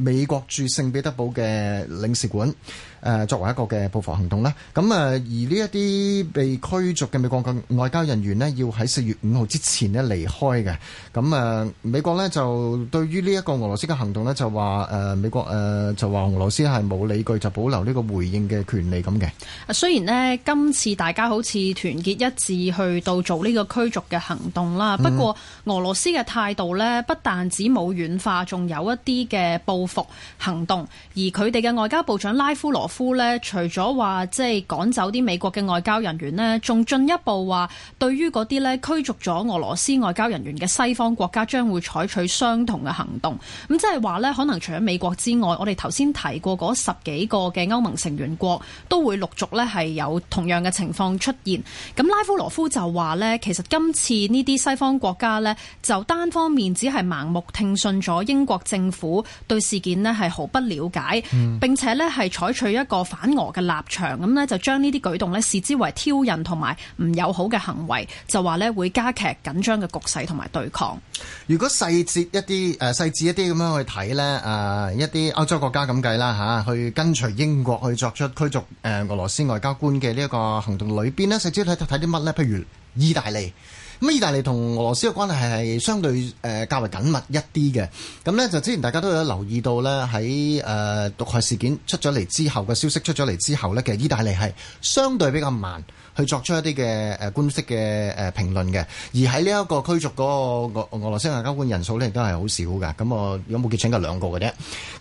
美國駐聖彼得堡嘅領事館。誒作為一個嘅報復行動啦，咁啊而呢一啲被驅逐嘅美國嘅外交人員呢，要喺四月五號之前呢離開嘅。咁誒美國呢，就對於呢一個俄羅斯嘅行動呢，就話誒美國誒就話俄羅斯係冇理據，就保留呢個回應嘅權利咁嘅。雖然呢，今次大家好似團結一致去到做呢個驅逐嘅行動啦，不過俄羅斯嘅態度呢，不但只冇軟化，仲有一啲嘅報復行動，而佢哋嘅外交部長拉夫羅夫咧，除咗話即係趕走啲美國嘅外交人員呢，仲進一步話，對於嗰啲咧驅逐咗俄羅斯外交人員嘅西方國家，將會採取相同嘅行動。咁即係話咧，可能除咗美國之外，我哋頭先提過嗰十幾個嘅歐盟成員國，都會陸續咧係有同樣嘅情況出現。咁拉夫羅夫就話咧，其實今次呢啲西方國家咧，就單方面只係盲目聽信咗英國政府對事件呢係毫不了解，嗯、並且咧係採取一。一個反俄嘅立場，咁呢就將呢啲舉動呢視之為挑釁同埋唔友好嘅行為，就話呢會加劇緊張嘅局勢同埋對抗。如果細節一啲誒，細、呃、細緻一啲咁樣去睇呢，誒、呃，一啲歐洲國家咁計啦吓，去跟隨英國去作出驅逐誒俄羅斯外交官嘅呢一個行動裏邊呢，實質睇睇啲乜呢？譬如意大利。咁意大利同俄羅斯嘅關係係相對誒較為緊密一啲嘅，咁呢，就之前大家都有留意到呢，喺誒毒害事件出咗嚟之後嘅消息出咗嚟之後呢，其實意大利係相對比較慢，去作出一啲嘅誒官式嘅誒評論嘅，而喺呢一個驅逐個俄俄羅斯外交官人數咧，亦都係好少嘅。咁啊有冇見請過兩個嘅啫。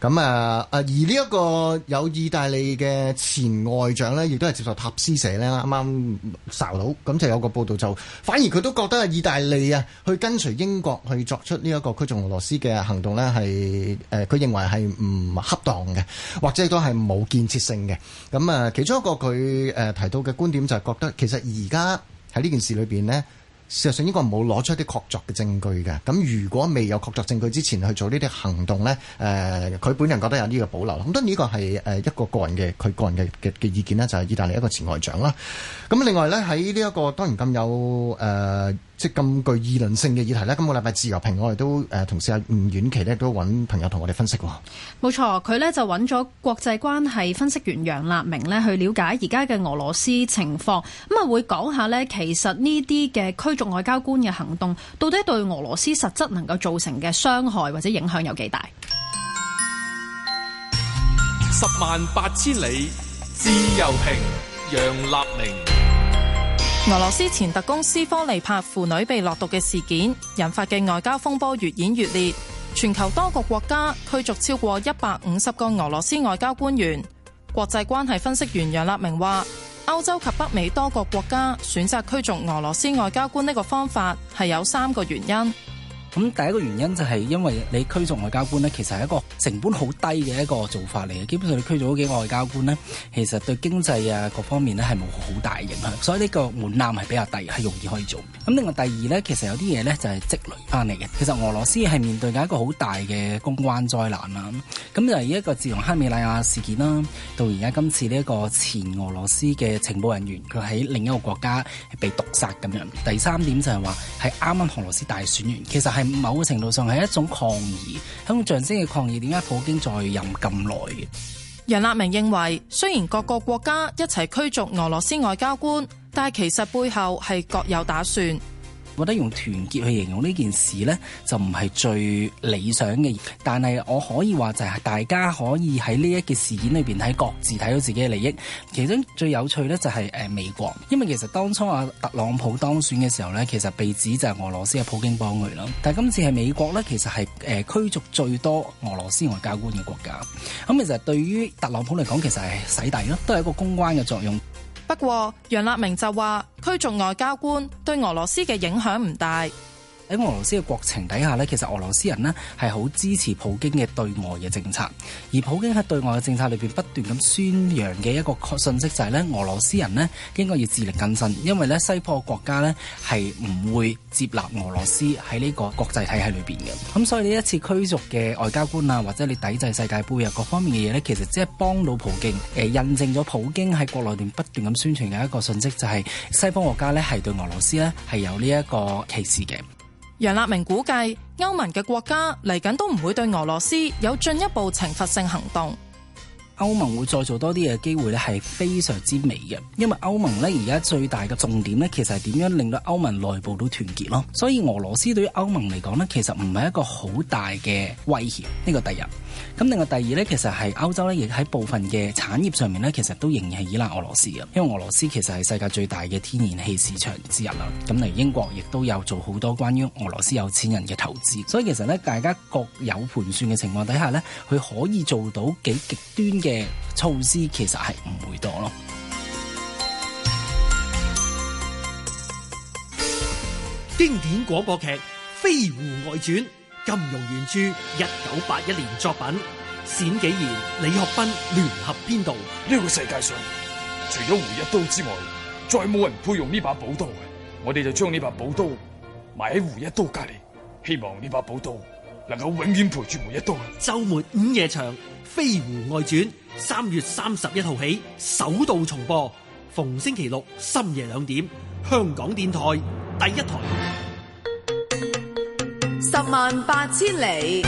咁啊啊，而呢一個有意大利嘅前外長咧，亦都係接受塔斯社咧啱啱受到，咁就有個報道就反而佢都覺得意大利啊，去跟隨英國去作出呢一個驅逐俄羅斯嘅行動咧，係誒佢認為係唔恰當嘅，或者都係冇建設性嘅。咁啊，其中一個佢誒提到嘅觀點就係覺得。其實而家喺呢件事裏邊呢，事實上應該冇攞出啲確鑿嘅證據嘅。咁如果未有確鑿證據之前去做呢啲行動呢，誒、呃，佢本人覺得有呢個保留。咁當然呢個係誒一個個人嘅佢個人嘅嘅嘅意見啦，就係、是、意大利一個前外長啦。咁另外呢，喺呢一個當然咁有誒。呃即咁具議論性嘅議題呢，今個禮拜自由評，我哋都誒同事阿吳婉琪呢都揾朋友同我哋分析喎、哦。冇錯，佢呢就揾咗國際關係分析員楊立明呢去了解而家嘅俄羅斯情況，咁、嗯、啊會講下呢，其實呢啲嘅驅逐外交官嘅行動，到底對俄羅斯實質能夠造成嘅傷害或者影響有幾大？十萬八千里自由評，楊立明。俄羅斯前特工斯科尼帕父女被落毒嘅事件引發嘅外交風波越演越烈，全球多個國家驅逐超過一百五十個俄羅斯外交官員。國際關係分析員楊立明話，歐洲及北美多個國家選擇驅逐俄羅斯外交官呢個方法，係有三個原因。咁第一個原因就係因為你驅逐外交官咧，其實係一個成本好低嘅一個做法嚟嘅。基本上你驅逐咗幾個外交官咧，其實對經濟啊各方面咧係冇好大影響。所以呢個門檻係比較低，係容易可以做。咁另外第二咧，其實有啲嘢咧就係、是、積累翻嚟嘅。其實俄羅斯係面對緊一個好大嘅公關災難啦，咁就係一個自從克里米亞事件啦，到而家今次呢一個前俄羅斯嘅情報人員，佢喺另一個國家被毒殺咁樣。第三點就係話，係啱啱俄羅斯大選完，其實係。係某個程度上係一種抗議，一種象徵嘅抗議。點解普京在任咁耐嘅？楊立明認為，雖然各個國家一齊驅逐俄羅斯外交官，但係其實背後係各有打算。我覺得用團結去形容呢件事呢，就唔係最理想嘅。但係我可以話就係大家可以喺呢一件事件裏邊，喺各自睇到自己嘅利益。其中最有趣呢，就係誒美國，因為其實當初特朗普當選嘅時候呢，其實被指就係俄羅斯嘅普京幫佢咯。但係今次係美國呢，其實係誒驅逐最多俄羅斯外交官嘅國家。咁其實對於特朗普嚟講，其實係洗底咯，都係一個公關嘅作用。不過，楊立明就話，驅逐外交官對俄羅斯嘅影響唔大。喺俄羅斯嘅國情底下呢，其實俄羅斯人呢係好支持普京嘅對外嘅政策。而普京喺對外嘅政策裏面不斷咁宣揚嘅一個訊息就係、是、呢俄羅斯人呢應該要自力更生，因為呢西方國家呢係唔會接納俄羅斯喺呢個國際體系裏面嘅。咁所以呢一次驅逐嘅外交官啊，或者你抵制世界盃啊，各方面嘅嘢呢，其實只係幫到普京，誒、呃、印證咗普京喺國內面不斷咁宣傳嘅一個訊息、就是，就係西方國家呢係對俄羅斯呢係有呢一個歧視嘅。楊立明估計，歐盟嘅國家嚟緊都唔會對俄羅斯有進一步懲罰性行動。歐盟會再做多啲嘅機會咧，係非常之微嘅，因為歐盟咧而家最大嘅重點咧，其實係點樣令到歐盟內部都團結咯。所以俄羅斯對於歐盟嚟講咧，其實唔係一個好大嘅威脅，呢、這個第一。咁另外第二呢，其實係歐洲呢，亦喺部分嘅產業上面呢，其實都仍然係依賴俄羅斯嘅，因為俄羅斯其實係世界最大嘅天然氣市場之一啦。咁嚟英國亦都有做好多關於俄羅斯有錢人嘅投資，所以其實呢，大家各有盤算嘅情況底下呢，佢可以做到幾極端嘅措施，其實係唔會多咯。經典廣播劇《飛狐外傳》。金庸原著一九八一年作品，冼幾賢、李學斌聯合編導。呢個世界上，除咗胡一刀之外，再冇人配用呢把寶刀嘅。我哋就將呢把寶刀埋喺胡一刀隔籬，希望呢把寶刀能夠永遠陪住胡一刀。周末午夜場《飛狐外傳》，三月三十一號起首度重播，逢星期六深夜兩點，香港電台第一台。十萬八千里。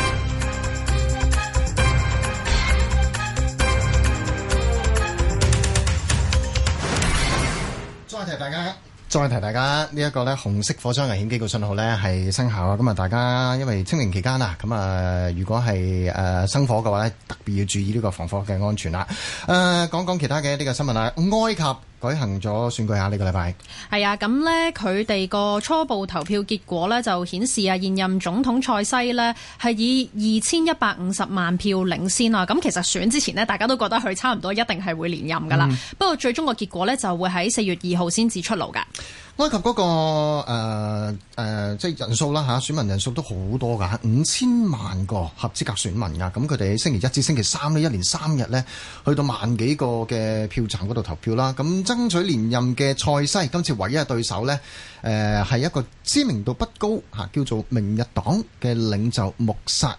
再提大家，再提大家呢一個咧紅色火災危險警告信號咧係生效啊！咁啊，大家因為清明期間啊，咁啊，如果係誒生火嘅話咧，特別要注意呢個防火嘅安全啦。誒，講講其他嘅呢個新聞啊，埃及。舉行咗選舉啊！呢個禮拜係啊，咁呢，佢哋個初步投票結果呢，就顯示啊，現任總統塞西呢，係以二千一百五十萬票領先啊！咁其實選之前呢，大家都覺得佢差唔多一定係會連任噶啦，嗯、不過最終個結果呢，就會喺四月二號先至出爐噶。埃及嗰個誒即係人數啦嚇、啊，選民人數都好多噶，五千萬個合資格選民噶，咁佢哋星期一至星期三呢一連三日呢，去到萬幾個嘅票站嗰度投票啦，咁、啊、爭取連任嘅塞西今次唯一嘅對手呢，誒、啊、係一個知名度不高、啊、叫做明日黨嘅領袖穆薩，咁、啊、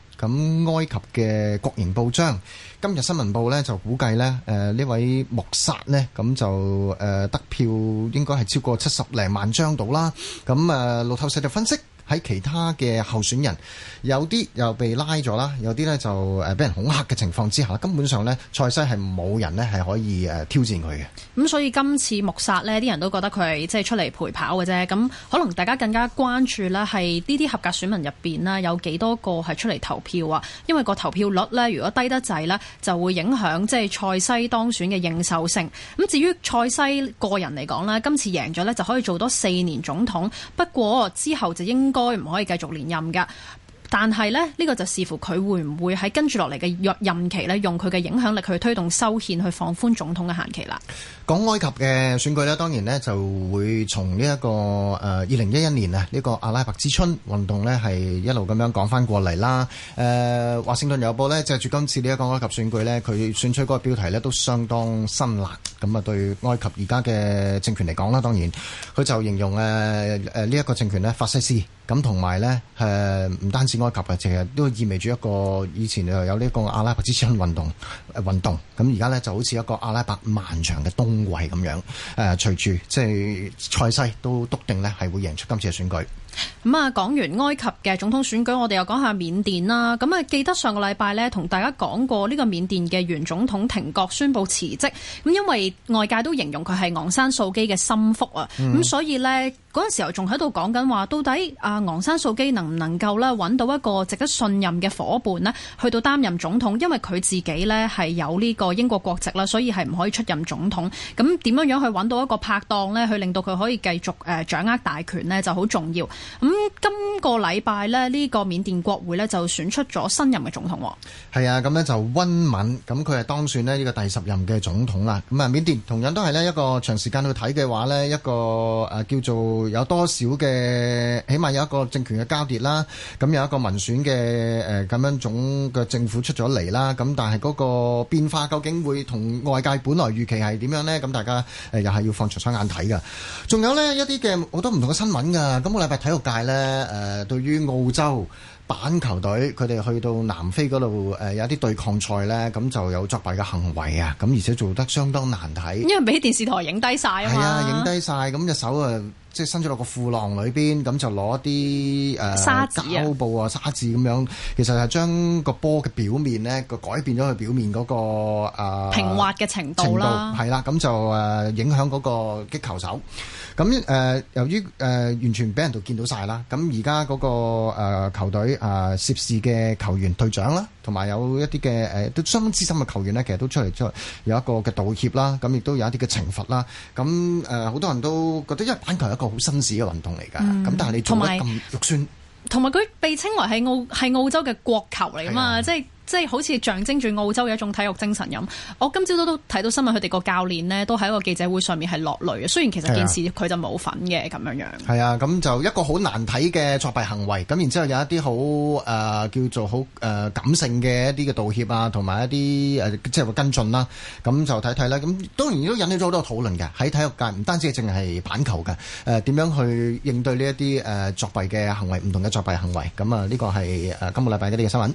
埃及嘅國營報章。今日新聞報咧就估計咧，誒、呃、呢位莫薩咧，咁、嗯、就誒、呃、得票應該係超過七十零萬張到啦。咁、嗯、啊、呃，路透社就分析。喺其他嘅候選人有啲又被拉咗啦，有啲呢就誒俾人恐嚇嘅情況之下，根本上呢，塞西係冇人呢係可以誒挑戰佢嘅。咁、嗯、所以今次穆薩呢啲人都覺得佢係即係出嚟陪跑嘅啫。咁、嗯、可能大家更加關注咧係呢啲合格選民入邊啦，有幾多個係出嚟投票啊？因為個投票率呢，如果低得滯呢，就會影響即係塞西當選嘅認受性。咁、嗯、至於塞西個人嚟講咧，今次贏咗呢，就可以做多四年總統。不過之後就應該該唔可以繼續連任噶？但係呢，呢個就視乎佢會唔會喺跟住落嚟嘅任任期呢，用佢嘅影響力去推動修憲，去放寬總統嘅限期啦。講埃及嘅選舉呢，當然咧就會從呢一個誒二零一一年啊，呢個阿拉伯之春運動呢係一路咁樣講翻過嚟啦。誒、呃，華盛頓郵報咧，借住今次呢一個埃及選舉呢，佢選取嗰個標題呢都相當辛辣。咁啊，對埃及而家嘅政權嚟講啦，當然佢就形容誒誒呢一個政權咧法西斯。咁同埋呢，唔、呃、單止埃及嘅，其實都意味住一個以前有呢個阿拉伯之春運動運、呃、動咁而家呢，就好似一個阿拉伯漫長嘅冬季咁樣。誒、呃、隨住即係塞西都篤定呢，係會贏出今次嘅選舉。咁啊、嗯，講完埃及嘅總統選舉，我哋又講下緬甸啦。咁、嗯、啊，記得上個禮拜呢，同大家講過呢個緬甸嘅原總統廷覺宣布辭職。咁因為外界都形容佢係昂山素姬嘅心腹啊，咁、嗯、所以呢。嗰陣時候仲喺度講緊話，到底阿昂山素姬能唔能夠咧揾到一個值得信任嘅伙伴咧，去到擔任總統，因為佢自己咧係有呢個英國國籍啦，所以係唔可以出任總統。咁點樣樣去揾到一個拍檔咧，去令到佢可以繼續誒掌握大權呢？就好重要。咁今個禮拜呢，呢個緬甸國會咧就選出咗新任嘅總統。係啊，咁呢就溫敏，咁佢係當選咧呢個第十任嘅總統啦。咁啊，緬甸同樣都係呢一個長時間去睇嘅話呢一個誒叫做。有多少嘅？起碼有一個政權嘅交替啦，咁有一個民選嘅誒咁樣種嘅政府出咗嚟啦，咁但係嗰個變化究竟會同外界本來預期係點樣呢？咁大家誒、呃、又係要放長雙眼睇噶。仲有呢一啲嘅好多唔同嘅新聞噶。咁、個禮拜體育界呢，誒、呃，對於澳洲。板球隊佢哋去到南非嗰度誒有啲對抗賽咧，咁就有作弊嘅行為啊！咁而且做得相當難睇，因為俾電視台影低晒啊！係、呃、啊，影低晒，咁隻手啊，即係伸咗落個褲浪裏邊，咁就攞啲誒膠布啊、沙子咁樣，其實係將個波嘅表面咧個改變咗佢表面嗰、那、誒、個呃、平滑嘅程、程度啦。係啦、啊，咁就誒影響嗰個擊球手。咁誒、呃、由於誒、呃、完全俾人哋見到晒啦，咁而家嗰個、呃、球隊。啊！涉事嘅球員隊長啦，同埋有一啲嘅誒，都相當資深嘅球員咧，其實都出嚟出來有一個嘅道歉啦，咁亦都有一啲嘅懲罰啦。咁誒，好、呃、多人都覺得，因為板球係一個好紳士嘅運動嚟噶，咁、嗯、但係你做乜咁肉酸？同埋佢被稱為係澳係澳洲嘅國球嚟啊嘛，即係的。就是即係好似象徵住澳洲嘅一種體育精神咁。我今朝都都睇到新聞，佢哋個教練呢都喺一個記者會上面係落淚嘅。雖然其實件事佢是的 就冇份嘅咁樣樣。係啊，咁就一個好難睇嘅作弊行為。咁然之後有一啲好誒叫做好誒、呃、感性嘅一啲嘅道歉啊，同埋一啲誒、呃、即係會跟進啦。咁就睇睇啦。咁當然都引起咗好多討論嘅喺體育界，唔單止淨係板球嘅誒點樣去應對呢一啲誒作弊嘅行為，唔同嘅作弊行為。咁啊，呢個係誒今個禮拜嘅呢個新聞。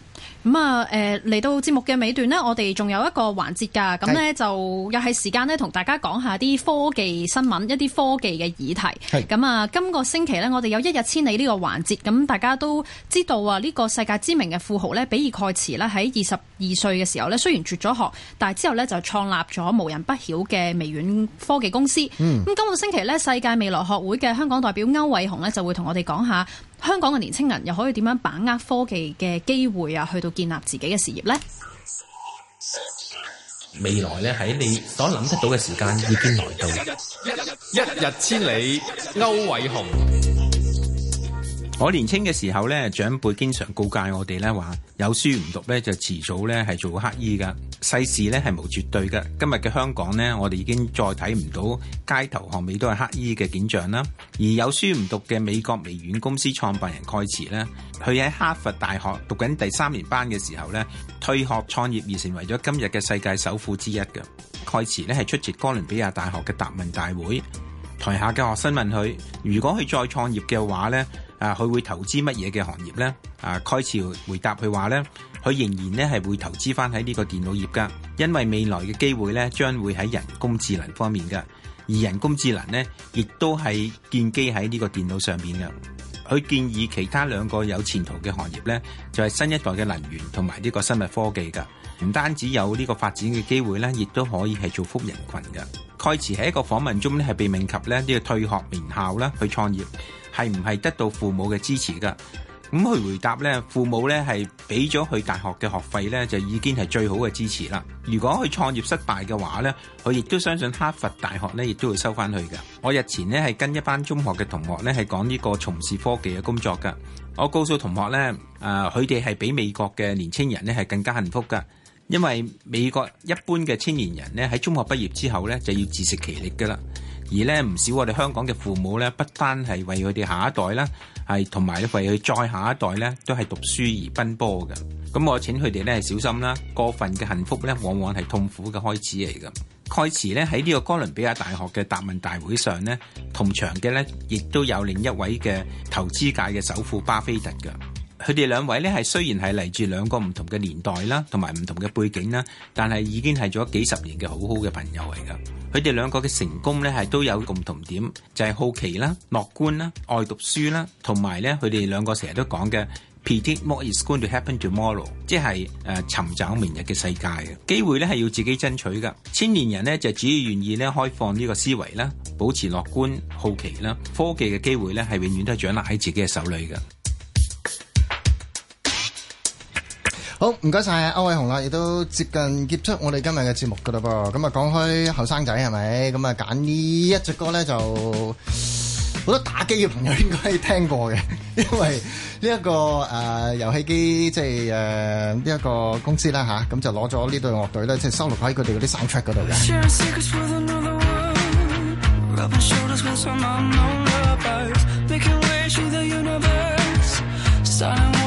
咁啊，誒嚟到節目嘅尾段呢，我哋仲有一個環節㗎，咁呢是，就又係時間呢，同大家講下啲科技新聞，一啲科技嘅議題。咁啊是，今個星期呢，我哋有一日千里呢個環節，咁大家都知道啊，呢個世界知名嘅富豪呢，比爾蓋茨呢，喺二十二歲嘅時候呢，雖然絕咗學，但係之後呢，就創立咗無人不曉嘅微軟科技公司。嗯。咁今個星期呢，世界未來學會嘅香港代表歐偉雄呢，就會同我哋講下。香港嘅年青人又可以點樣把握科技嘅機會啊？去到建立自己嘅事業呢？未來咧，喺你所諗得到嘅時間已經來到，一日千里，歐偉雄。我年青嘅時候咧，長輩經常告誡我哋咧，話有書唔讀咧，就遲早咧係做乞衣噶世事咧係冇絕對㗎。今日嘅香港咧，我哋已經再睇唔到街頭巷尾都係乞衣嘅景象啦。而有書唔讀嘅美國微軟公司創辦人蓋茨咧，佢喺哈佛大學讀緊第三年班嘅時候咧，退學創業，而成為咗今日嘅世界首富之一嘅蓋茨咧，係出席哥倫比亞大學嘅答問大會。台下嘅學生問佢：如果佢再創業嘅話咧？啊，佢會投資乜嘢嘅行業呢？啊，蓋茨回答佢話呢，佢仍然呢係會投資返喺呢個電腦業噶，因為未來嘅機會呢，將會喺人工智能方面㗎。而人工智能呢，亦都係建基喺呢個電腦上面㗎。佢建議其他兩個有前途嘅行業呢，就係新一代嘅能源同埋呢個生物科技㗎。唔單止有呢個發展嘅機會呢，亦都可以係造福人群㗎。蓋茨喺一個訪問中呢，係被命及呢個退學名校啦去創業。係唔係得到父母嘅支持噶？咁佢回答呢，父母呢係俾咗佢大學嘅學費呢，就已經係最好嘅支持啦。如果佢創業失敗嘅話呢，佢亦都相信哈佛大學呢，亦都會收翻佢噶。我日前呢係跟一班中學嘅同學呢係講呢個從事科技嘅工作噶。我告訴同學呢，啊，佢哋係比美國嘅年青人呢係更加幸福噶，因為美國一般嘅青年人呢，喺中學畢業之後呢，就要自食其力噶啦。而咧，唔少我哋香港嘅父母咧，不單係為佢哋下一代啦，係同埋為佢再下一代咧，都係讀書而奔波嘅。咁我請佢哋咧小心啦，過分嘅幸福咧，往往係痛苦嘅開始嚟嘅。蓋茨咧喺呢個哥倫比亞大學嘅答問大會上咧，同場嘅咧亦都有另一位嘅投資界嘅首富巴菲特㗎。佢哋兩位咧係雖然係嚟自兩個唔同嘅年代啦，同埋唔同嘅背景啦，但係已經係咗幾十年嘅好好嘅朋友嚟噶。佢哋兩個嘅成功咧係都有共同點，就係、是、好奇啦、樂觀啦、愛讀書啦，同埋咧佢哋兩個成日都講嘅 “petit more is going to happen tomorrow”，即係誒、呃、尋找明日嘅世界嘅機會咧係要自己爭取噶。千年人咧就只要願意咧開放呢個思維啦，保持樂觀、好奇啦。科技嘅機會咧係永遠都係掌握喺自己嘅手裏嘅。好，唔該晒歐偉雄啦，亦都接近結束我哋今日嘅節目噶啦噃，咁啊講開後生仔係咪？咁啊揀呢一隻歌咧就，好多打機嘅朋友應該聽過嘅，因為呢、這、一個誒遊戲機即係誒呢一個公司啦吓，咁、啊、就攞咗呢對樂隊咧即係收錄喺佢哋嗰啲 soundtrack 嗰度嘅。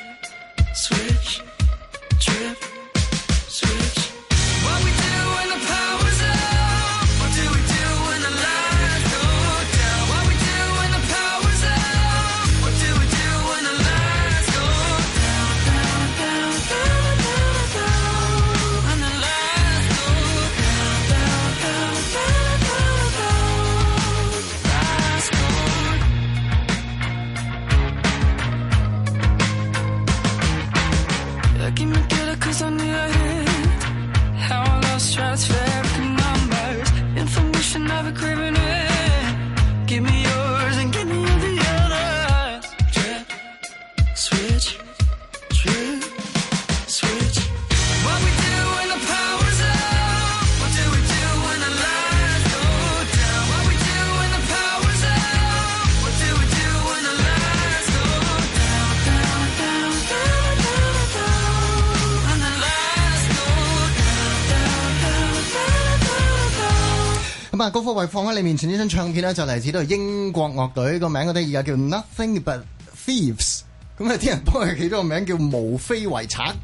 嗱，高科慧放喺你面前呢張唱片咧，就嚟自到英國樂隊個名字現而家叫 Nothing But Thieves，咁啊啲人幫佢起咗個名叫無非遺產。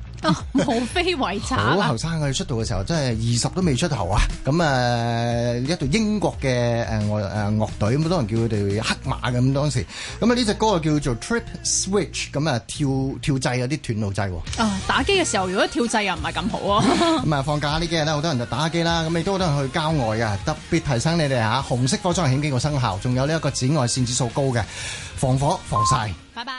無非遺產。好後生啊，佢出道嘅時候真係二十都未出頭啊！咁啊，一隊英國嘅誒樂誒樂隊咁，好多人叫佢哋黑馬嘅咁當時。咁啊，呢隻歌啊叫做 Trip Switch，咁啊跳跳掣有啲斷路掣。啊，打機嘅時候如果跳掣又唔係咁好啊！咁啊，放假呢幾日咧，好多人就打機啦，咁亦都好多人去郊外啊，特別提醒你哋吓，紅色火警危險警告生效，仲有呢一個紫外線指數高嘅防火防曬。拜拜。